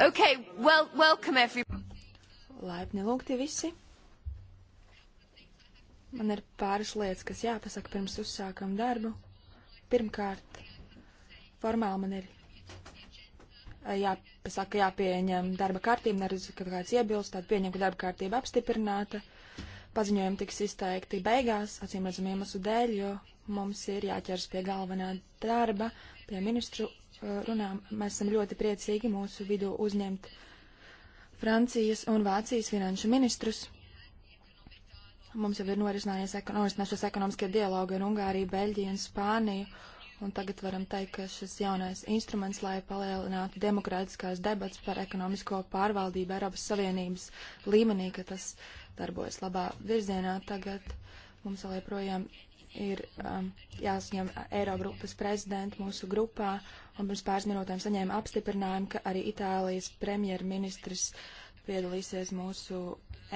Okay, well, welcome everybody. Laipni lūgti visi. Man ir pāris lietas, kas jāpasaka pirms uzsākam darbu. Pirmkārt, formāli man ir jāpasaka, jāpieņem darba kārtība, neredz, ka kāds iebilst, tad pieņem, ka darba kārtība apstiprināta. Paziņojumi tiks izteikti beigās, acīm redzam iemeslu dēļ, jo mums ir jāķers pie galvenā darba, pie ministru runām, mēs esam ļoti priecīgi mūsu vidū uzņemt Francijas un Vācijas finanšu ministrus. Mums jau ir norisinājies ekonomiskās ekonomiskie dialogi ar Ungāriju, Beļģiju un Spāniju, un tagad varam teikt, ka šis jaunais instruments, lai palielinātu demokrātiskās debats par ekonomisko pārvaldību Eiropas Savienības līmenī, ka tas darbojas labā virzienā, tagad mums vēl joprojām ir um, jāsaņem Eirogrupas prezidenta mūsu grupā, un pirms pāris minūtēm saņēma apstiprinājumu, ka arī Itālijas premjerministrs piedalīsies mūsu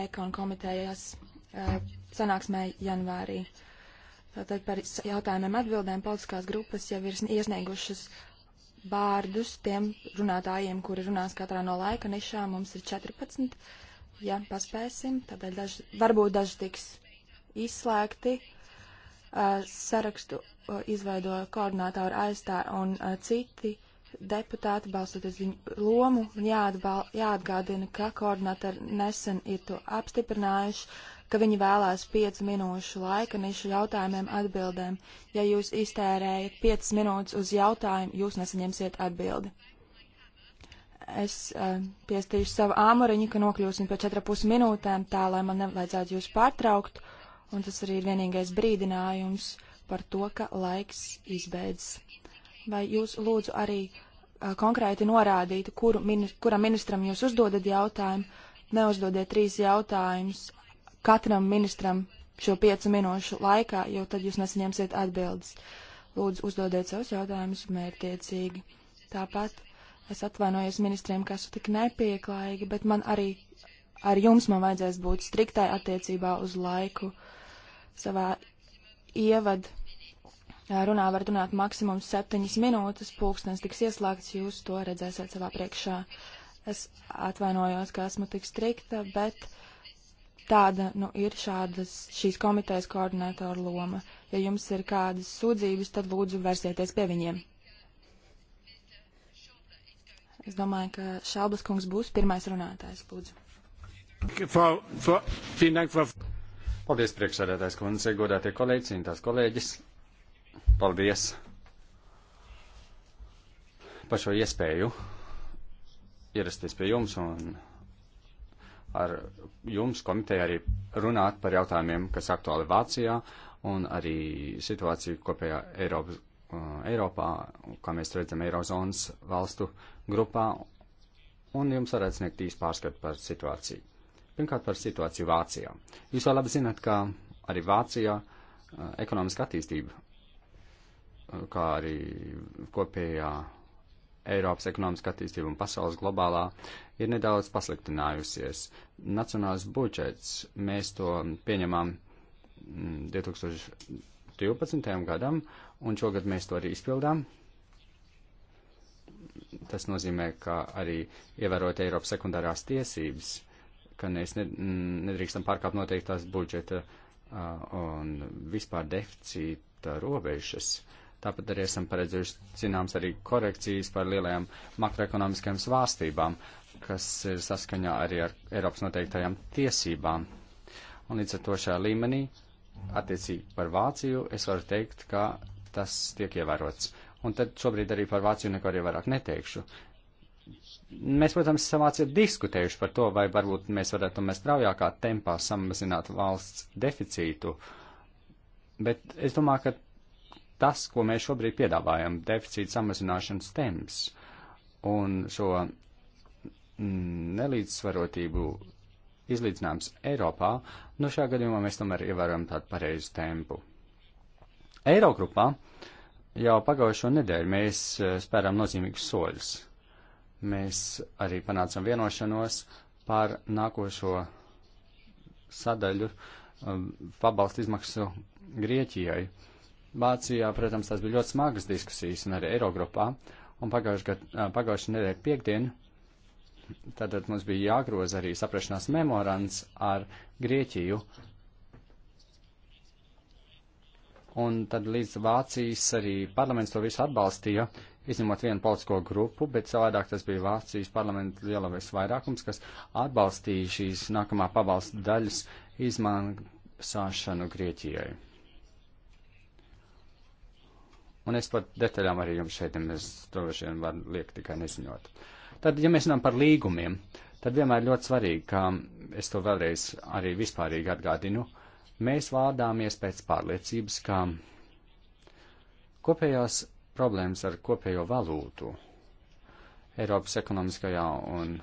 ekonu komitējas uh, eh, sanāksmē janvārī. Tātad par jautājumiem atbildēm politiskās grupas jau ir iesniegušas vārdus tiem runātājiem, kuri runās katrā no laika nišām. Mums ir 14, ja paspēsim, tādēļ daži, varbūt daži tiks izslēgti. Uh, sarakstu Uh, izveidoja koordinātori aizstāja un uh, citi deputāti, balstoties viņu lomu, jāatbal, jāatgādina, ka koordinātori nesen ir to apstiprinājuši, ka viņi vēlās 5 minūšu laika nišu jautājumiem atbildēm. Ja jūs iztērējat 5 minūtes uz jautājumu, jūs nesaņemsiet atbildi. Es uh, piestīšu savu āmuriņu, ka nokļūsim pie 4,5 minūtēm, tā lai man nevajadzētu jūs pārtraukt, un tas arī ir vienīgais brīdinājums. Uh, par to, ka laiks izbeidzas. Vai jūs lūdzu arī a, konkrēti norādītu, kuru, mini, kuram ministram jūs uzdodat jautājumu? Neuzdodiet trīs jautājumus katram ministram šo piecu minūšu laikā, jo tad jūs nesaņemsiet atbildes. Lūdzu, uzdodiet savus jautājumus mērķiecīgi. Tāpat es atvainojos ministriem, kas ir tik nepieklājīgi, bet man arī ar jums man vajadzēs būt striktai attiecībā uz laiku savā ievadu runā var runāt maksimums septiņas minūtes, pulkstens tiks ieslēgts, jūs to redzēsiet savā priekšā. Es atvainojos, ka esmu tik strikta, bet tāda, nu, ir šādas šīs komitejas koordinātora loma. Ja jums ir kādas sūdzības, tad lūdzu vērsieties pie viņiem. Es domāju, ka Šalbas kungs būs pirmais runātājs, lūdzu. Paldies, priekšsēdētājs kundze, godātie kolēģi, cīnītās kolēģis. Paldies par šo iespēju ierasties pie jums un ar jums komiteja arī runāt par jautājumiem, kas aktuāli Vācijā un arī situāciju kopējā Eiropas, uh, Eiropā, kā mēs redzam, Eirozonas valstu grupā, un jums varētu sniegt īsti pārskatu par situāciju. Pirmkārt par situāciju Vācijā. Jūs jau labi zināt, ka arī Vācijā uh, ekonomiska attīstība kā arī kopējā Eiropas ekonomiskā attīstība un pasaules globālā ir nedaudz pasliktinājusies. Nacionāls budžets, mēs to pieņemam 2012. Mm, gadam, un šogad mēs to arī izpildām. Tas nozīmē, ka arī ievērot Eiropas sekundārās tiesības, ka mēs mm, nedrīkstam pārkāpt noteiktās budžeta un vispār deficīta robežas. Uh, Tāpat arī esam paredzējuši zināms arī korekcijas par lielajām makroekonomiskajām svārstībām, kas ir saskaņā arī ar Eiropas noteiktajām tiesībām. Un līdz ar to šajā līmenī, attiecīgi par Vāciju, es varu teikt, ka tas tiek ievērots. Un tad šobrīd arī par Vāciju neko arī vairāk neteikšu. Mēs, protams, savāc ir diskutējuši par to, vai varbūt mēs varētu tomēr straujākā tempā samazināt valsts deficītu. Bet es domāju, ka tas, ko mēs šobrīd piedāvājam, deficīta samazināšanas temps un šo nelīdzsvarotību izlīdzināms Eiropā, nu šajā gadījumā mēs tomēr ievērojam tādu pareizu tempu. Eirogrupā jau pagājušo nedēļu mēs eh, spērām nozīmīgus soļus. Mēs arī panācam vienošanos par nākošo sadaļu um, pabalstu izmaksu Grieķijai. Uh, Vācijā, protams, tās bija ļoti smagas diskusijas un arī Eirogrupā. Un pagājušā nedēļa piekdien, tātad mums bija jāgroza arī saprašanās memorands ar Grieķiju. Un tad līdz Vācijas arī parlaments to visu atbalstīja, izņemot vienu politisko grupu, bet savādāk tas bija Vācijas parlamenta lielākais vairākums, kas atbalstīja šīs nākamā pabalsta daļas izmaksāšanu Grieķijai. Un es par detaļām arī jums šeit, ja mēs to vien varu liekt tikai neziņot. Tad, ja mēs runājam par līgumiem, tad vienmēr ļoti svarīgi, ka es to vēlreiz arī vispārīgi atgādinu, mēs vādāmies pēc pārliecības, ka kopējās problēmas ar kopējo valūtu Eiropas ekonomiskajā un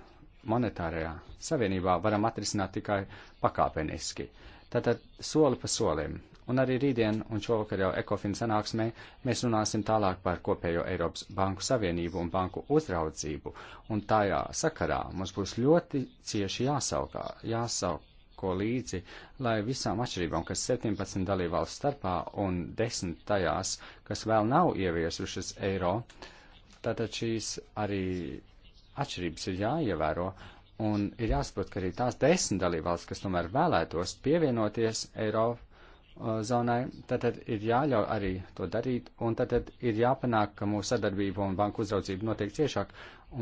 monetārajā savienībā varam atrisināt tikai pakāpeniski. Tātad soli pa solim Un arī rītdien un šovakar jau Ekofin sanāksmē mēs runāsim tālāk par kopējo Eiropas Banku Savienību un banku uzraudzību. Un tajā sakarā mums būs ļoti cieši jāsaukā, jāsauko līdzi, lai visām atšķirībām, kas 17 dalībvalstu starpā un 10 tajās, kas vēl nav ieviesušas eiro, tātad šīs arī atšķirības ir jāievēro. Un ir jāsaprot, ka arī tās desmit dalībvalstis, kas tomēr vēlētos pievienoties Eiropas zonai, tad ir jāļauj arī to darīt, un tad ir jāpanāk, ka mūsu sadarbība un banku uzraudzība notiek ciešāk,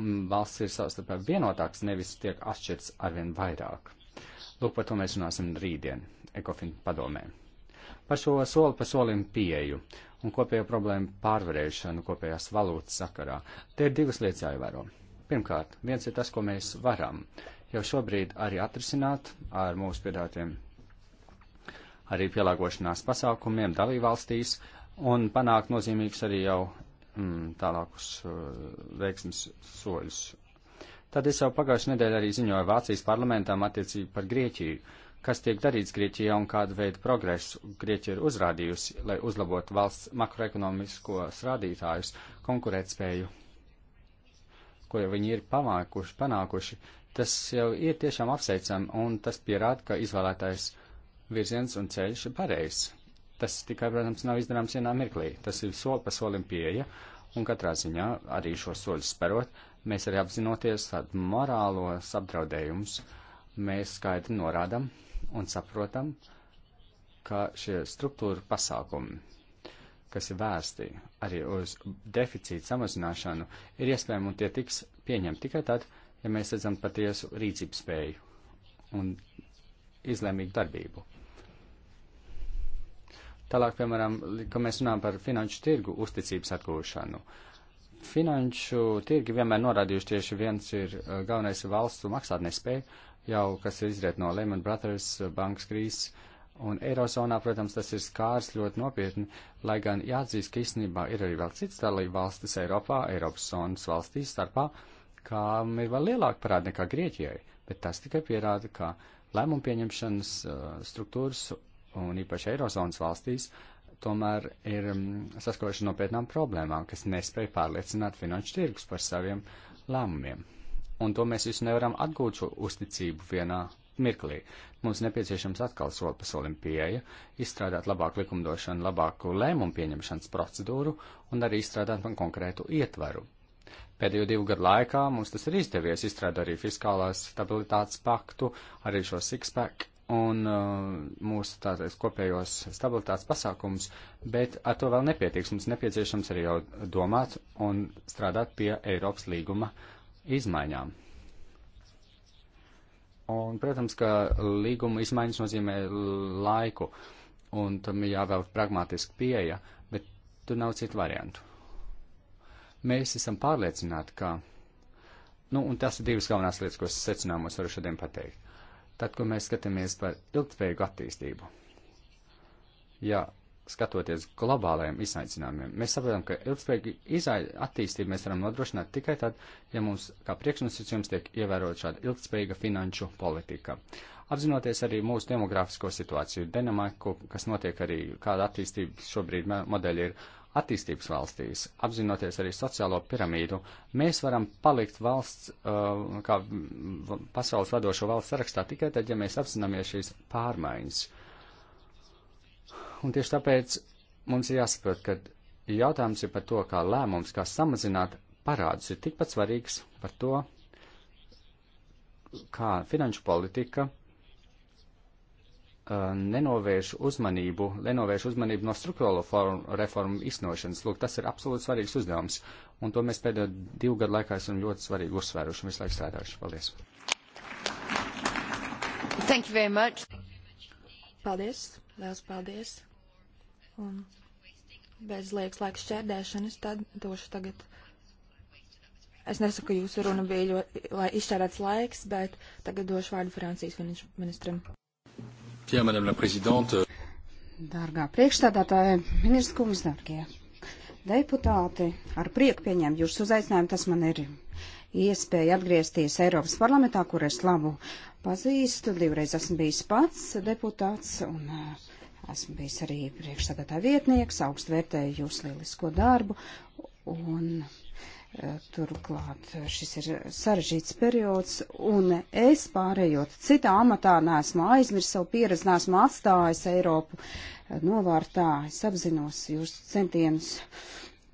un valsts ir savstarpēji vienotāks, nevis tiek atšķirts arvien vairāk. Lūk, par to mēs runāsim rītdien, Ekofin padomē. Par šo soli pa solim pieeju un kopējo problēmu pārvarēšanu kopējās valūtas sakarā. Te ir divas lietas jāievēro. Pirmkārt, viens ir tas, ko mēs varam jau šobrīd arī atrisināt ar mūsu piedātiem arī pielāgošanās pasākumiem dalībvalstīs un panākt nozīmīgus arī jau mm, tālākus uh, veiksmes soļus. Tad es jau pagājušajā nedēļā arī ziņoju Vācijas parlamentām attiecību par Grieķiju, kas tiek darīts Grieķijā un kādu veidu progresu Grieķija ir uzrādījusi, lai uzlabotu valsts makroekonomiskos rādītājus, konkurētspēju, ko jau viņi ir pamākuši, panākuši. Tas jau ir tiešām apsveicam, un tas pierāda, ka izvēlētais uh, virziens un ceļš ir pareizs. Tas tikai, protams, nav izdarāms vienā mirklī. Tas ir soli pa solim pieeja, un katrā ziņā arī šo soļu sperot, mēs arī apzinoties tādu morālos apdraudējumus, mēs skaidri norādam un saprotam, ka šie struktūra pasākumi, kas ir vērsti arī uz deficīta samazināšanu, ir iespējami un tie tiks pieņemti tikai tad, ja mēs redzam patiesu rīcības spēju un izlēmīgu darbību. Tālāk, piemēram, kad mēs runājam par finanšu tirgu uzticības atgūšanu. Finanšu tirgi vienmēr norādījuši tieši viens ir uh, galvenais valsts maksātnespēja, jau kas izriet no Lehman Brothers uh, bankas krīzes. Un Eirozonā, protams, tas ir skārs ļoti nopietni, lai gan jāatzīst, ka īstenībā ir arī vēl citas dalība valstis Eiropā, Eiropas zonas valstīs starpā, kam ir vēl lielāka parāda nekā Grieķijai, bet tas tikai pierāda, ka lēmumu pieņemšanas uh, struktūras un īpaši Eirozonas valstīs, tomēr ir mm, saskaroši nopietnām problēmām, kas nespēja pārliecināt finanšu tirgus par saviem lēmumiem. Un to mēs visu nevaram atgūt šo uzticību vienā mirklī. Mums nepieciešams atkal soli pa solim pieeja, izstrādāt labāku likumdošanu, labāku lēmumu pieņemšanas procedūru un arī izstrādāt man konkrētu ietvaru. Pēdējo divu gadu laikā mums tas ir izdevies, izstrādāt arī fiskālās stabilitātes paktu, arī šo sixpack un uh, mūsu tātais kopējos stabilitātes pasākums, bet ar to vēl nepietiks. Mums nepieciešams arī jau domāt un strādāt pie Eiropas līguma izmaiņām. Un, protams, ka līguma izmaiņas nozīmē laiku, un tam ir jāvēl pragmatiski pieeja, bet tur nav citu variantu. Mēs esam pārliecināti, ka, nu, un tas ir divas galvenās lietas, ko secinājumos varu šodien pateikt tad, kur mēs skatāmies par ilgtspējīgu attīstību. Ja skatoties globālajiem izaicinājumiem, mēs saprotam, ka ilgspējīgu attīstību mēs varam nodrošināt tikai tad, ja mums kā priekšnosacījums tiek ievērot šāda ilgspējīga finanšu politika. Apzinoties arī mūsu demografisko situāciju, dinamiku, kas notiek arī, kāda attīstība šobrīd modeļi ir attīstības valstīs, apzinoties arī sociālo piramīdu, mēs varam palikt valsts, uh, kā pasaules vadošo valsts sarakstā tikai tad, ja mēs apzināmies šīs pārmaiņas. Un tieši tāpēc mums ir jāsaprot, ka jautājums ir par to, kā lēmums, kā samazināt parādus, ir tikpat svarīgs par to, kā finanšu politika Uh, nenovērš uzmanību, nenovērš uzmanību no struktūrālo reformu iznošanas. Lūk, tas ir absolūti svarīgs uzdevums, un to mēs pēdējo divu gadu laikā esam ļoti svarīgi uzsvēruši un visu laiku strādājuši. Paldies! Thank you very much! Paldies! Liels paldies! Un bez liekas laiks šķērdēšanas tad došu tagad. Es nesaku, ka jūsu runa bija ļoti, lai izšķērēts laiks, bet tagad došu vārdu Francijas ministram. Bien, Madame la Présidente. Euh, Dārgā priekšstādātāja, ministrs kungs, dārgie deputāti, ar prieku pieņēmu jūsu uzaicinājumu. Tas man ir iespēja atgriezties Eiropas parlamentā, kur es labu pazīstu. Divreiz esmu bijis pats deputāts un uh, esmu bijis arī priekšstādātāja vietnieks, augstu vērtēju jūsu lielisko darbu. Un Turklāt šis ir sarežģīts periods, un es pārējot citā amatā neesmu aizmirsis savu pieredzi, neesmu atstājis Eiropu novārtā. Es apzinos jūs centienus.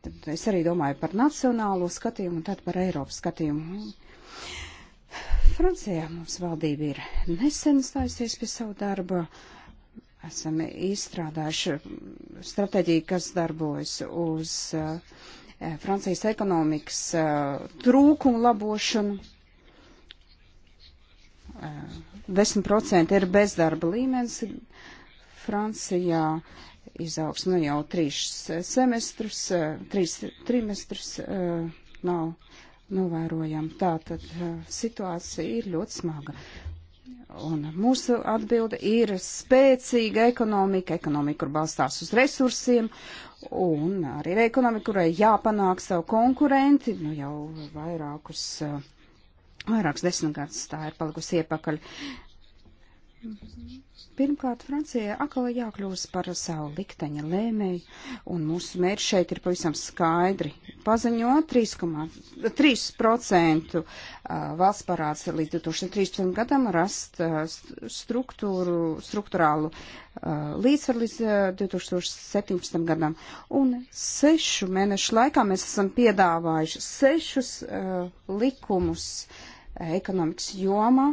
Tad es arī domāju par nacionālo skatījumu un tad par Eiropas skatījumu. Francijā mums valdība ir nesen stājusies pie savu darbu. Esam izstrādājuši stratēģiju, kas darbojas uz uh, Eh, Francijas ekonomikas eh, trūkumu labošanu. 10% eh, ir bezdarba līmenis Francijā. Izaugs nu jau trīs semestrus, trīs trimestrus nav novērojama. Tātad situācija ir ļoti smaga. Un mūsu atbilde ir spēcīga ekonomika, ekonomika, kur balstās uz resursiem, un arī ir ekonomika, kurai jāpanāk savu konkurenti, nu jau vairākus, eh, vairākus desmitgadus tā ir palikusi iepakaļ. Uh, Pirmkārt, Francijai atkal jākļūst par savu likteņa lēmēju, un mūsu mērķi šeit ir pavisam skaidri. Paziņot 3% valsts parāds līdz 2013. gadam, rast struktūru, struktūrālu līdzsvaru līdz 2017. gadam. Un sešu mēnešu laikā mēs esam piedāvājuši sešus uh, likumus. Uh, ekonomikas jomā.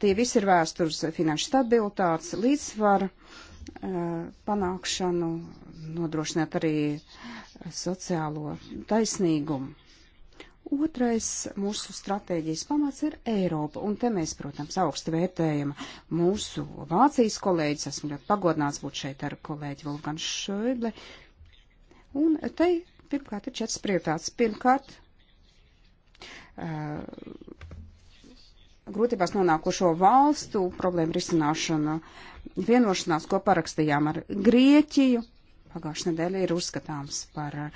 Tie visi ir vērsti uz finanšu stabilitātes, līdzsvaru panākšanu, nodrošināt arī sociālo taisnīgumu. Otrais mūsu stratēģijas pamats ir Eiropa, un te mēs, protams, augstu vērtējam mūsu Vācijas kolēģis, esmu ļoti pagodināts būt šeit ar kolēģi Volgan Šoible, un te pirmkārt ir četras prioritātes. Pirmkārt, grūtībās nonākušo valstu problēmu risināšana vienošanās, ko parakstījām ar Grieķiju. Pagājušā nedēļa ir uzskatāms par uh,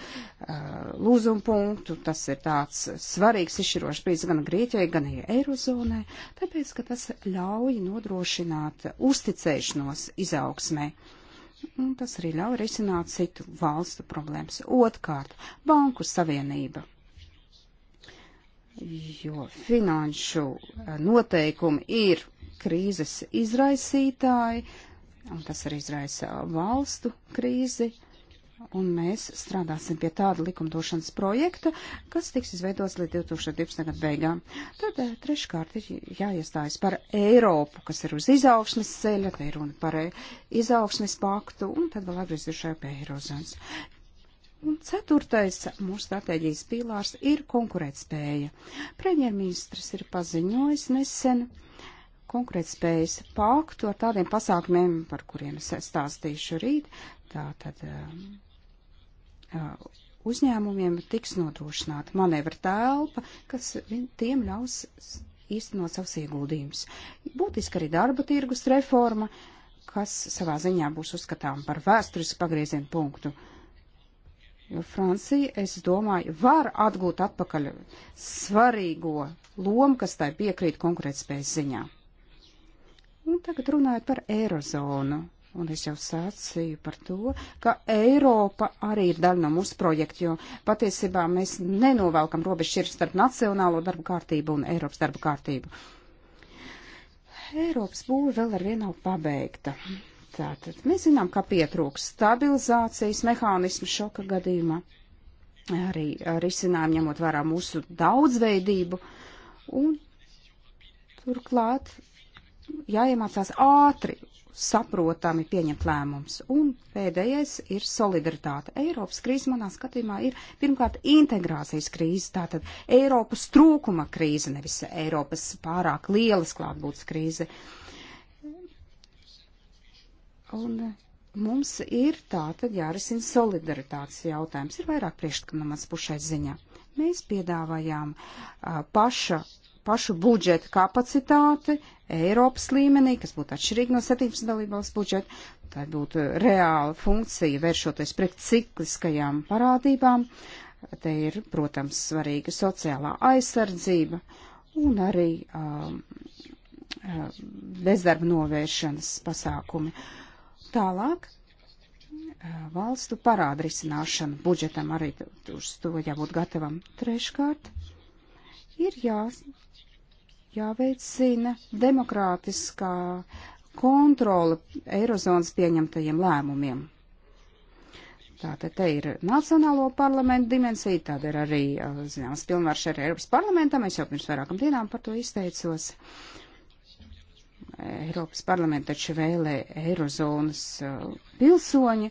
lūzumu punktu. Tas ir tāds svarīgs izšķirošs brīdis gan Grieķijai, gan Eirozonai, tāpēc, ka tas ļauj nodrošināt uzticēšanos izaugsmē. Un tas arī ļauj risināt citu valstu problēmas. Otkārt, Banku Savienība jo finanšu eh, noteikumi ir krīzes izraisītāji, un tas arī izraisa valstu krīzi. Un mēs strādāsim pie tāda likumdošanas projekta, kas tiks izveidots līdz 2012. gadu beigām. Tad eh, treškārt ir jāiestājas par Eiropu, kas ir uz izaugsmes ceļa, te ir runa par eh, izaugsmes paktu, un tad vēl atgriezīšai pie Eirozonas. Un ceturtais mūsu stratēģijas pīlārs ir konkurētspēja. Premjerministrs ir paziņojis nesen konkurētspējas paktu ar tādiem pasākumiem, par kuriem es stāstīšu rīt. Tātad um, uh, uzņēmumiem tiks nodrošināta manevra telpa, kas tiem ļaus īstenot savus ieguldījumus. Būtiski arī darba tirgus reforma, kas savā ziņā būs uzskatām par vēsturisku pagriezienu punktu. Uh, Francija, es domāju, var atgūt atpakaļ svarīgo lomu, kas tai piekrīt konkurētspējas ziņā. Un tagad runājot par Eirozonu. Un es jau sācīju par to, ka Eiropa arī ir daļa no mūsu projekta, jo patiesībā mēs nenovelkam robežšķirs starp nacionālo darbu kārtību un Eiropas darbu kārtību. Eiropas būva vēl ar vienu nav pabeigta. Tātad mēs zinām, ka pietrūks stabilizācijas mehānismu šoka gadījumā, arī risinājumu ņemot vērā mūsu daudzveidību, un turklāt jāiemācās ātri saprotami pieņemt lēmums. Un pēdējais ir solidaritāte. Eiropas krīze manā skatījumā ir pirmkārt integrācijas krīze, tātad Eiropas trūkuma krīze, nevis Eiropas pārāk lielas klātbūtnes krīze. Uh, Un mums ir tātad jārisina solidaritātes jautājums. Ir vairāk priekšlikuma mans pušais ziņā. Mēs piedāvājām uh, paša, pašu budžeta kapacitāti Eiropas līmenī, kas būtu atšķirīgi no 17 dalībvalsts budžeta. Tā būtu reāla funkcija vēršoties pret cikliskajām parādībām. Te ir, protams, svarīga sociālā aizsardzība un arī um, bezdarba novēršanas pasākumi. Uh, Tālāk valstu parāda risināšana budžetam arī uz to jābūt gatavam. Treškārt ir jā, jāveicina demokrātiskā kontrole Eirozonas pieņemtajiem lēmumiem. Tātad te ir nacionālo parlamentu dimensija, tāda ir arī, zināms, pilnvarš arī Eiropas parlamentam, es jau pirms vairākam dienām par to izteicos. Uh, Eiropas parlamenta taču vēlē Eirozonas eh, pilsoņi,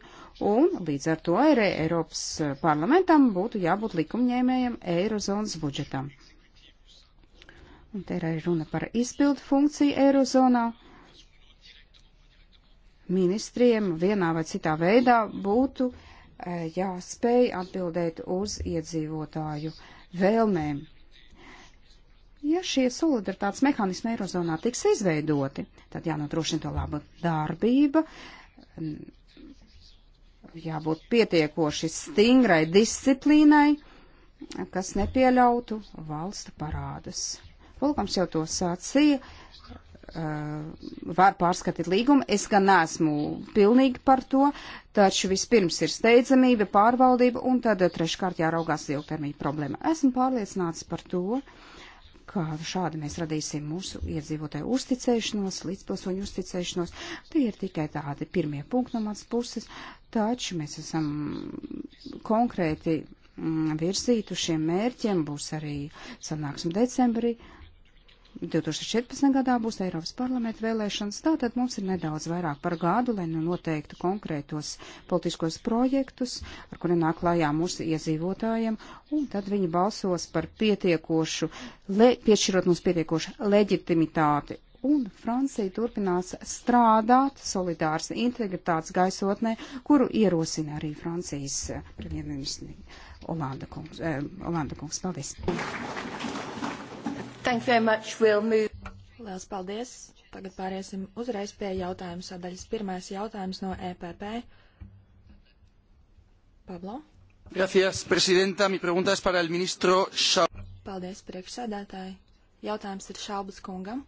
un līdz ar to arī Eiropas eh, parlamentam būtu jābūt likumņēmējam Eirozonas budžetam. Un te ir arī runa par izpildu funkciju Eirozonā. Ministriem vienā vai citā veidā būtu eh, jāspēj atbildēt uz iedzīvotāju vēlmēm. Ja šie solidaritātes mehānismi Eirozonā tiks izveidoti, tad jānodrošina to laba darbība, mm, jābūt pietiekoši stingrai disciplīnai, kas nepieļautu valstu parādus. Volkams jau to sacīja, eh, var pārskatīt līgumu, es gan neesmu pilnīgi par to, taču vispirms ir steidzamība, pārvaldība un tad treškārt jāraugās ilgtermiņa problēma. Esmu pārliecināts par to, uh, kā šādi mēs radīsim mūsu iedzīvotāju uzticēšanos, līdzpilsoņu uzticēšanos. Tie ir tikai tādi pirmie punkti no manas puses, taču mēs esam konkrēti mm, virzītu šiem mērķiem, būs arī sanāksme decembrī. Uh, 2014. gadā būs Eiropas parlamenta vēlēšanas, tātad mums ir nedaudz vairāk par gadu, lai nu noteiktu konkrētos politiskos projektus, ar kuriem nāk klājā mūsu iedzīvotājiem, un tad viņi balsos par pietiekošu, le, piešķirot mums pietiekošu leģitimitāti. Un Francija turpinās strādāt solidārs integritātes gaisotnē, kuru ierosina arī Francijas premjerministri Olanda kungs. Eh, Olanda kungs, paldies! Thank you very much. We'll move. Lielas paldies. Tagad pāriesim uzreiz pie jautājumu sadaļas. Pirmais jautājums no EPP. Pablo. Gracias, presidenta. Mi pregunta es para el ministro Šaubas. Paldies, priekšsēdētāji. Jautājums ir Šaubas kungam.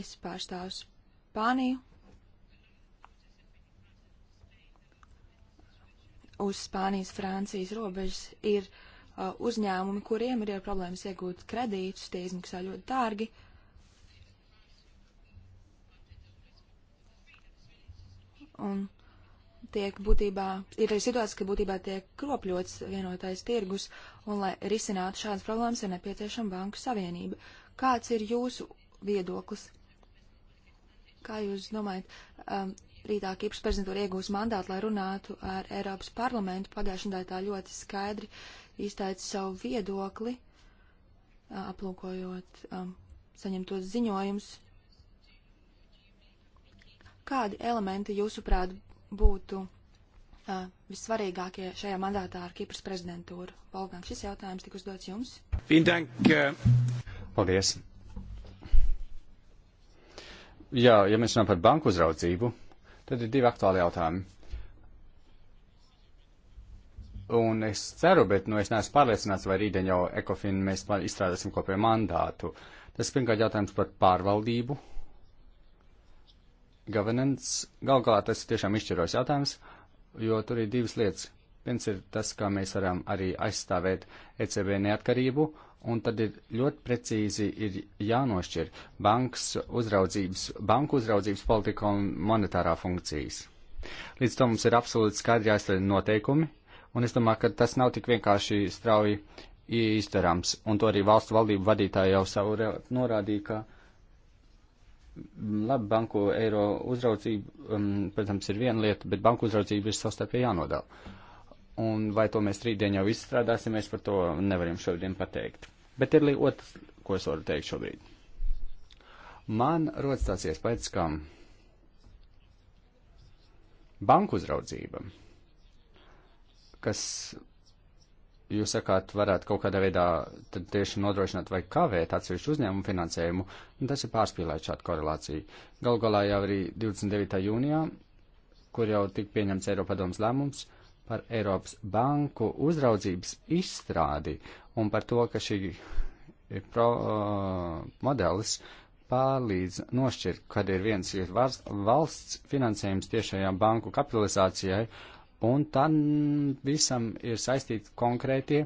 Es pārstāvu Spāniju. Uz Spānijas-Francijas robežas ir Uh, uzņēmumi, kuriem ir jau problēmas iegūt kredītus, tie izmaksā ļoti dārgi. Un tiek būtībā, ir arī situācija, ka būtībā tiek kropļots vienotais tirgus, un lai risinātu šādas problēmas, ir nepieciešama banku savienība. Kāds ir jūsu viedoklis? Kā jūs domājat, um, rītā Kipras prezidentūra iegūs mandātu, lai runātu ar Eiropas parlamentu. Pagājušajā nedēļā tā ļoti skaidri izteica savu viedokli, aplūkojot um, saņemtos ziņojumus. Kādi elementi, jūsuprāt, būtu uh, vissvarīgākie šajā mandātā ar Kipras prezidentūru? Valgang, šis jautājums tika uzdots jums. Eh. Paldies. Jā, ja mēs runājam par banku uzraudzību, Tad ir divi aktuāli jautājumi. Un es ceru, bet nu, es neesmu pārliecināts, vai rītdien jau ECOFIN mēs izstrādāsim kopēju mandātu. Tas pirmkārt jautājums par pārvaldību. Governance. Gal galā tas ir tiešām izšķiros jautājums, jo tur ir divas lietas. Viens ir tas, kā mēs varam arī aizstāvēt ECB neatkarību, un tad ir ļoti precīzi ir jānošķir bankas uzraudzības, banku uzraudzības politika un monetārā funkcijas. Līdz tam mums ir absolūti skaidri jāizsver noteikumi, un es domāju, ka tas nav tik vienkārši strauji izdarāms, un to arī valstu valdību vadītāji jau savu norādīja, ka mm, labi banku eiro uzraudzība, um, protams, ir viena lieta, bet banku uzraudzība ir savstarpēji jānodala. Un vai to mēs rītdien jau izstrādāsim, mēs par to nevaram šodien pateikt. Bet ir arī otrs, ko es varu teikt šobrīd. Man rodas tāds iespējas, ka banku uzraudzība, kas, jūs sakāt, varētu kaut kādā veidā tieši nodrošināt vai kavēt atsevišķu uzņēmumu finansējumu, un tas ir pārspīlēt šādu korelāciju. Galu galā jau arī 29. jūnijā, kur jau tika pieņemts Eiropadoms lēmums, par Eiropas banku uzraudzības izstrādi un par to, ka šī eh, pro, uh, modelis pārlīdz nošķirt, kad ir viens ir valsts finansējums tiešajām banku kapitalizācijai, un tad visam ir saistīti konkrētie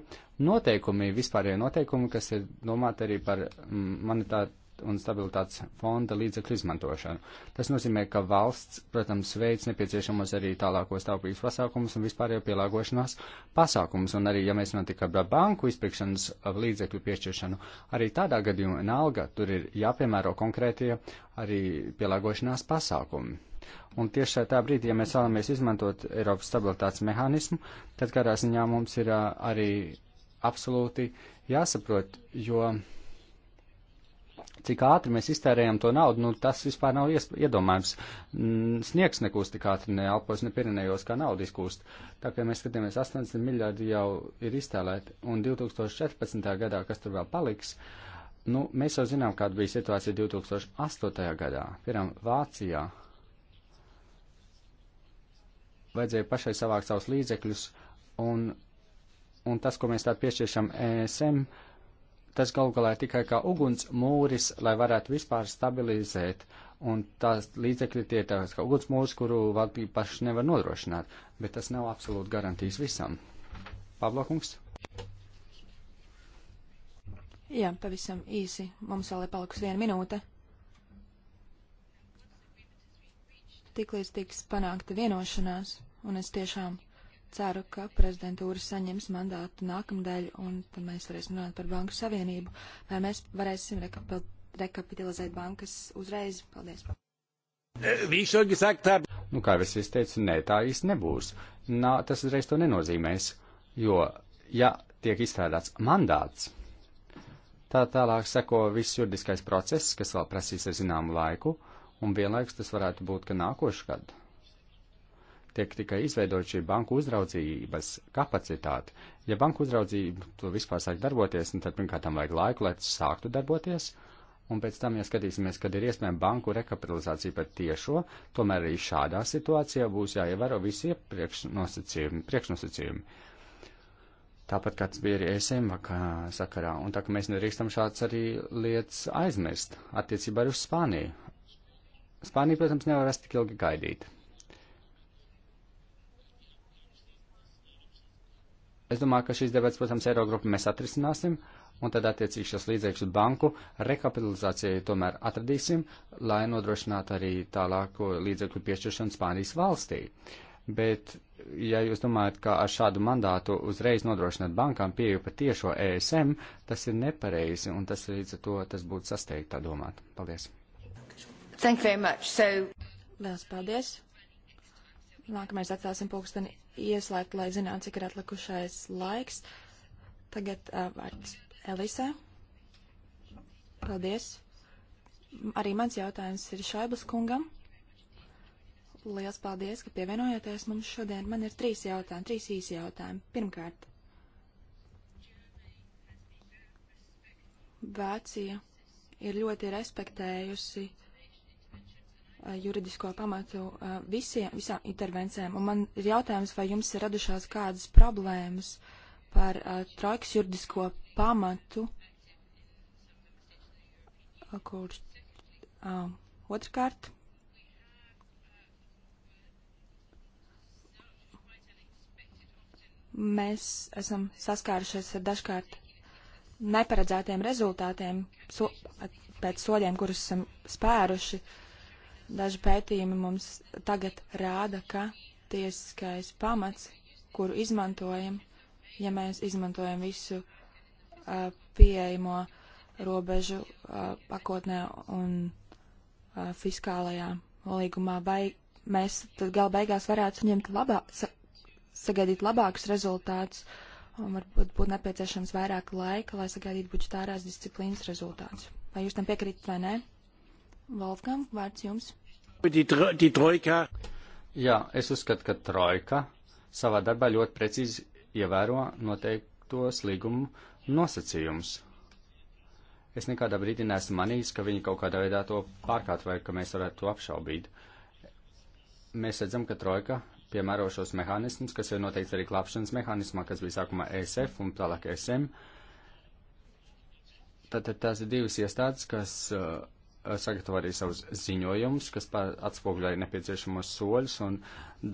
noteikumi, vispārējie noteikumi, kas ir domāti arī par mm, monetāru un stabilitātes fonda līdzekļu izmantošanu. Tas nozīmē, ka valsts, protams, veids nepieciešamos arī tālākos taupības pasākumus un vispārējo pielāgošanās pasākumus, un arī, ja mēs runājam tikai par banku izpirkšanas uh, līdzekļu piešķiršanu, arī tādā gadījumā nalga tur ir jāpiemēro konkrētie arī pielāgošanās pasākumi. Un tieši tā brīdī, ja mēs vēlamies izmantot Eiropas stabilitātes mehānismu, tad kādā ziņā mums ir uh, arī absolūti jāsaprot, jo Cik ātri mēs iztērējam to naudu, nu, tas vispār nav iedomājams. Sniegs nekūst tik ātri ne Alpos, ne Pirinējos, kā nauda izkūst. Tā kā mēs skatāmies, 80 miljardi jau ir iztēlēti, un 2014. gadā, kas tur vēl paliks, nu, mēs jau zinām, kāda bija situācija 2008. gadā, piemēram, Vācijā. Vajadzēja pašai savākt savus līdzekļus, un, un tas, ko mēs tā piešķiešam ESM, eh, tas galu galā ir tikai kā uguns mūris, lai varētu vispār stabilizēt, un tās līdzekļi tie ir tāds kā uguns mūris, kuru valdība paši nevar nodrošināt, bet tas nav absolūti garantijas visam. Pablokungs? Jā, pavisam īsi. Mums vēl ir palikusi viena minūte. Tiklīdz tiks panākta vienošanās, un es tiešām Ceru, ka prezidentūra saņems mandātu nākamdēļ, un tad mēs varēsim runāt par Banku Savienību. Vai mēs varēsim rekapil rekapitalizēt bankas uzreiz? Paldies! Eh, nu, kā es teicu, nē, tā īsti nebūs. Nā, tas uzreiz to nenozīmēs, jo, ja tiek izstrādāts mandāts, tā tālāk seko viss juridiskais process, kas vēl prasīs ar zināmu laiku, un vienlaikus tas varētu būt, ka nākošu gadu tiek tikai izveidot šī banku uzraudzības kapacitāte. Ja banku uzraudzība to vispār sāk darboties, nu, tad pirmkārt tam vajag laiku, lai tas sāktu darboties, un pēc tam, ja skatīsimies, kad ir iespējama banku rekapitalizācija par tiešo, tomēr arī šādā situācijā būs jāievēro visi priekšnosacījumi. priekšnosacījumi. Tāpat kāds bija arī ESM sakarā, un tā kā mēs nedrīkstam šāds arī lietas aizmirst attiecībā arī uz Spāniju. Spānija, protams, nevar rast tik ilgi gaidīt. Es domāju, ka šīs debats, protams, Eirogrupu mēs atrisināsim, un tad attiecīgi šos līdzekļus banku rekapitalizācijai tomēr atradīsim, lai nodrošinātu arī tālāko līdzekļu piešķiršanu Spānijas valstī. Bet, ja jūs domājat, ka ar šādu mandātu uzreiz nodrošināt bankām pieju pa tiešo ESM, tas ir nepareizi, un tas līdz ar to tas būtu sasteigtā domāt. Paldies. Thank you very much. So... Lielas paldies. Nākamais atstāsim pulksteni ieslēgt, lai zinātu, cik ir atlikušais laiks. Tagad uh, vārds Elisē. Paldies. Arī mans jautājums ir Šaibas kungam. Liels paldies, ka pievienojāties mums šodien. Man ir trīs jautājumi, trīs īsi jautājumi. Pirmkārt, Vācija ir ļoti respektējusi uh, Eh, juridisko pamatu eh, visiem, visām intervencijām. Un man ir jautājums, vai jums ir radušās kādas problēmas par eh, trojkas juridisko pamatu, kurš otrkārt. Mēs esam saskārušies ar dažkārt neparedzētiem rezultātiem so, pēc soļiem, kurus esam spēruši. Uh, Daži pētījumi mums tagad rāda, ka tiesiskais pamats, kuru izmantojam, ja mēs izmantojam visu uh, pieejamo robežu uh, pakotnē un uh, fiskālajā līgumā, vai mēs tad gala beigās varētu ņemt labā, sa, sagaidīt labākus rezultātus, un varbūt būtu nepieciešams vairāk laika, lai sagaidītu budžetārās disciplīnas rezultātus. Vai jūs tam piekrītat vai nē? Wolfgang, vārds jums. Jā, es uzskatu, ka Trojka savā darbā ļoti precīzi ievēro noteiktos līgumu nosacījumus. Es nekādā brīdī neesmu manījis, ka viņi kaut kādā veidā to pārkārt vai ka mēs varētu to apšaubīt. Mēs redzam, ka Trojka piemēro šos mehānismus, kas ir noteikts arī klāpšanas mehānismā, kas bija sākumā ESF un tālāk e SM. Tātad tās ir divas iestādes, kas uh, Eh, sagatavo arī savus ziņojumus, kas atspoguļo arī nepieciešamos soļus, un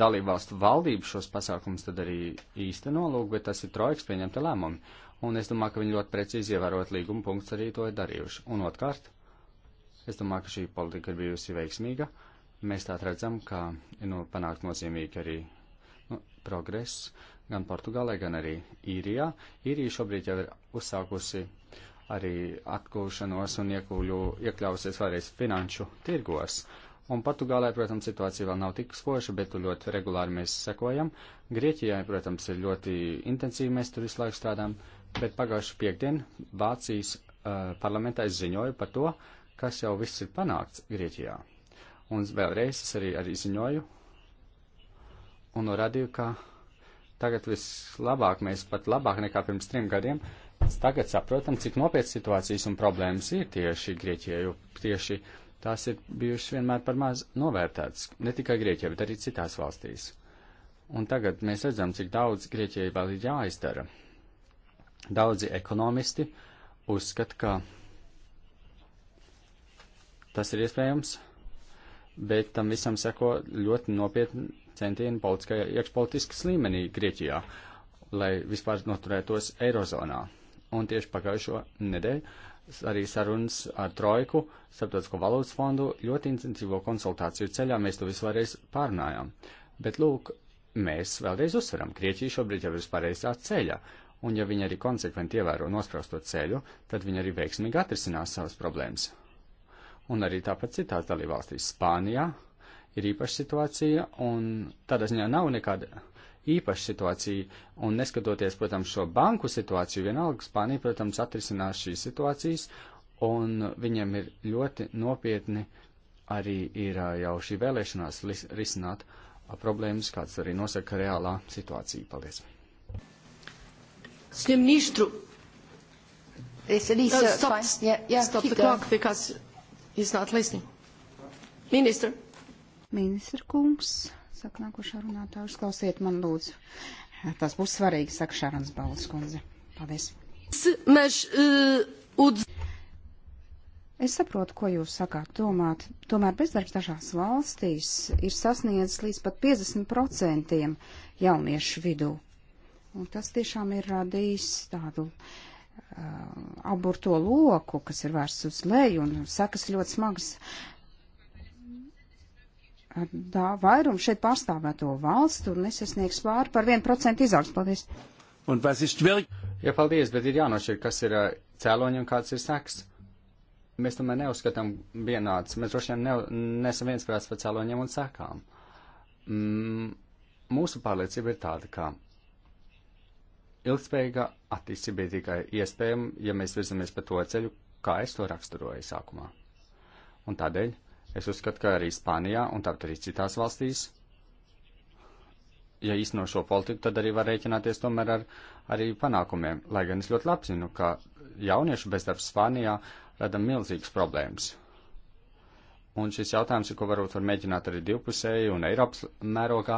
dalībvalstu valdību šos pasākumus tad arī īsteno, lūk, bet tas ir trojks pieņemta lēmumi. Un es domāju, ka viņi ļoti precīzi ievērot līguma punktus arī to ir darījuši. Un otrkārt, es domāju, ka šī politika ir bijusi veiksmīga. Mēs tā redzam, ka ir nu, panākt nozīmīgi arī nu, progress gan Portugālē, gan arī Īrijā. Īrija šobrīd jau ir uzsākusi uh, arī atgūšanos un iekūļu, iekļausies vēlreiz finanšu tirgos. Un Portugālē, protams, situācija vēl nav tik skoša, bet tur ļoti regulāri mēs sekojam. Grieķijai, protams, ir ļoti intensīvi mēs tur visu laiku strādājam, bet pagājuši piekdien Vācijas uh, parlamentā es ziņoju par to, kas jau viss ir panākts Grieķijā. Un vēlreiz es arī, arī ziņoju un norādīju, ka tagad vislabāk mēs pat labāk nekā pirms trim gadiem uh, Mēs tagad saprotam, cik nopietnas situācijas un problēmas ir tieši Grieķijai, jo tieši tās ir bijušas vienmēr par maz novērtētas, ne tikai Grieķijai, bet arī citās valstīs. Un tagad mēs redzam, cik daudz Grieķijai vēl ir jāizdara. Daudzi ekonomisti uzskata, ka tas ir iespējams, bet tam visam seko ļoti nopietni centieni politiskajā, iekšpolitiskas līmenī Grieķijā, lai vispār noturētos Eirozonā un tieši pagājušo nedēļu arī sarunas ar Trojku, Starptautisko valūtas fondu, ļoti intensīvo konsultāciju ceļā mēs to visu vēlreiz pārnājām. Bet lūk, mēs vēlreiz uzsveram, Krieķija šobrīd jau ir uz pareizā ceļa, un ja viņi arī konsekventi ievēro nosprausto ceļu, tad viņi arī veiksmīgi atrisinās savas problēmas. Un arī tāpat citās dalībvalstīs Spānijā ir īpaša situācija, un tādā ziņā nav nekāda īpaša situācija, un neskatoties, protams, šo banku situāciju, vienalga Spānija, protams, atrisinās šīs situācijas, un viņiem ir ļoti nopietni arī ir jau šī vēlēšanās risināt problēmas, kāds arī nosaka reālā situācija. Paldies! Monsieur le ministre, it's an easy, uh, no, stop, fine. Yeah, yeah, stop the going. clock because he's not listening. Minister. Minister Kungs saka nākošā runātāja. Uzklausiet man lūdzu. Tas būs svarīgi, saka Šarans Balas kundze. Paldies. Uh, es saprotu, ko jūs sakāt domāt. Tomēr bezdarbs dažās valstīs ir sasniedzis līdz pat 50% jauniešu vidū. Un tas tiešām ir radījis tādu uh, aburto loku, kas ir vērsts uz leju un sekas ļoti smagas. Uh, vairums šeit pārstāvēto valstu nesasniegs pāri par 1% izaugs. Paldies! Un vas ir vēl? Jā, paldies, bet ir jānošķir, kas ir cēloņi un kāds ir seks. Mēs tomēr neuzskatām vienāds. Mēs droši vien ne, nesam viensprāts par cēloņiem un sekām. Mm, mūsu pārliecība ir tāda, ka ilgspējīga attīstība ir tikai iespējama, ja mēs virzamies pa to ceļu, kā es to raksturoju sākumā. Un tādēļ Es uzskatu, ka arī Spānijā un tāpat arī citās valstīs, ja īsno šo politiku, tad arī var rēķināties tomēr ar arī panākumiem. Lai gan es ļoti labi zinu, ka jauniešu bezdarbs Spānijā rada milzīgas problēmas. Un šis jautājums ir, ko varbūt var mēģināt arī divpusēji un Eiropas mērogā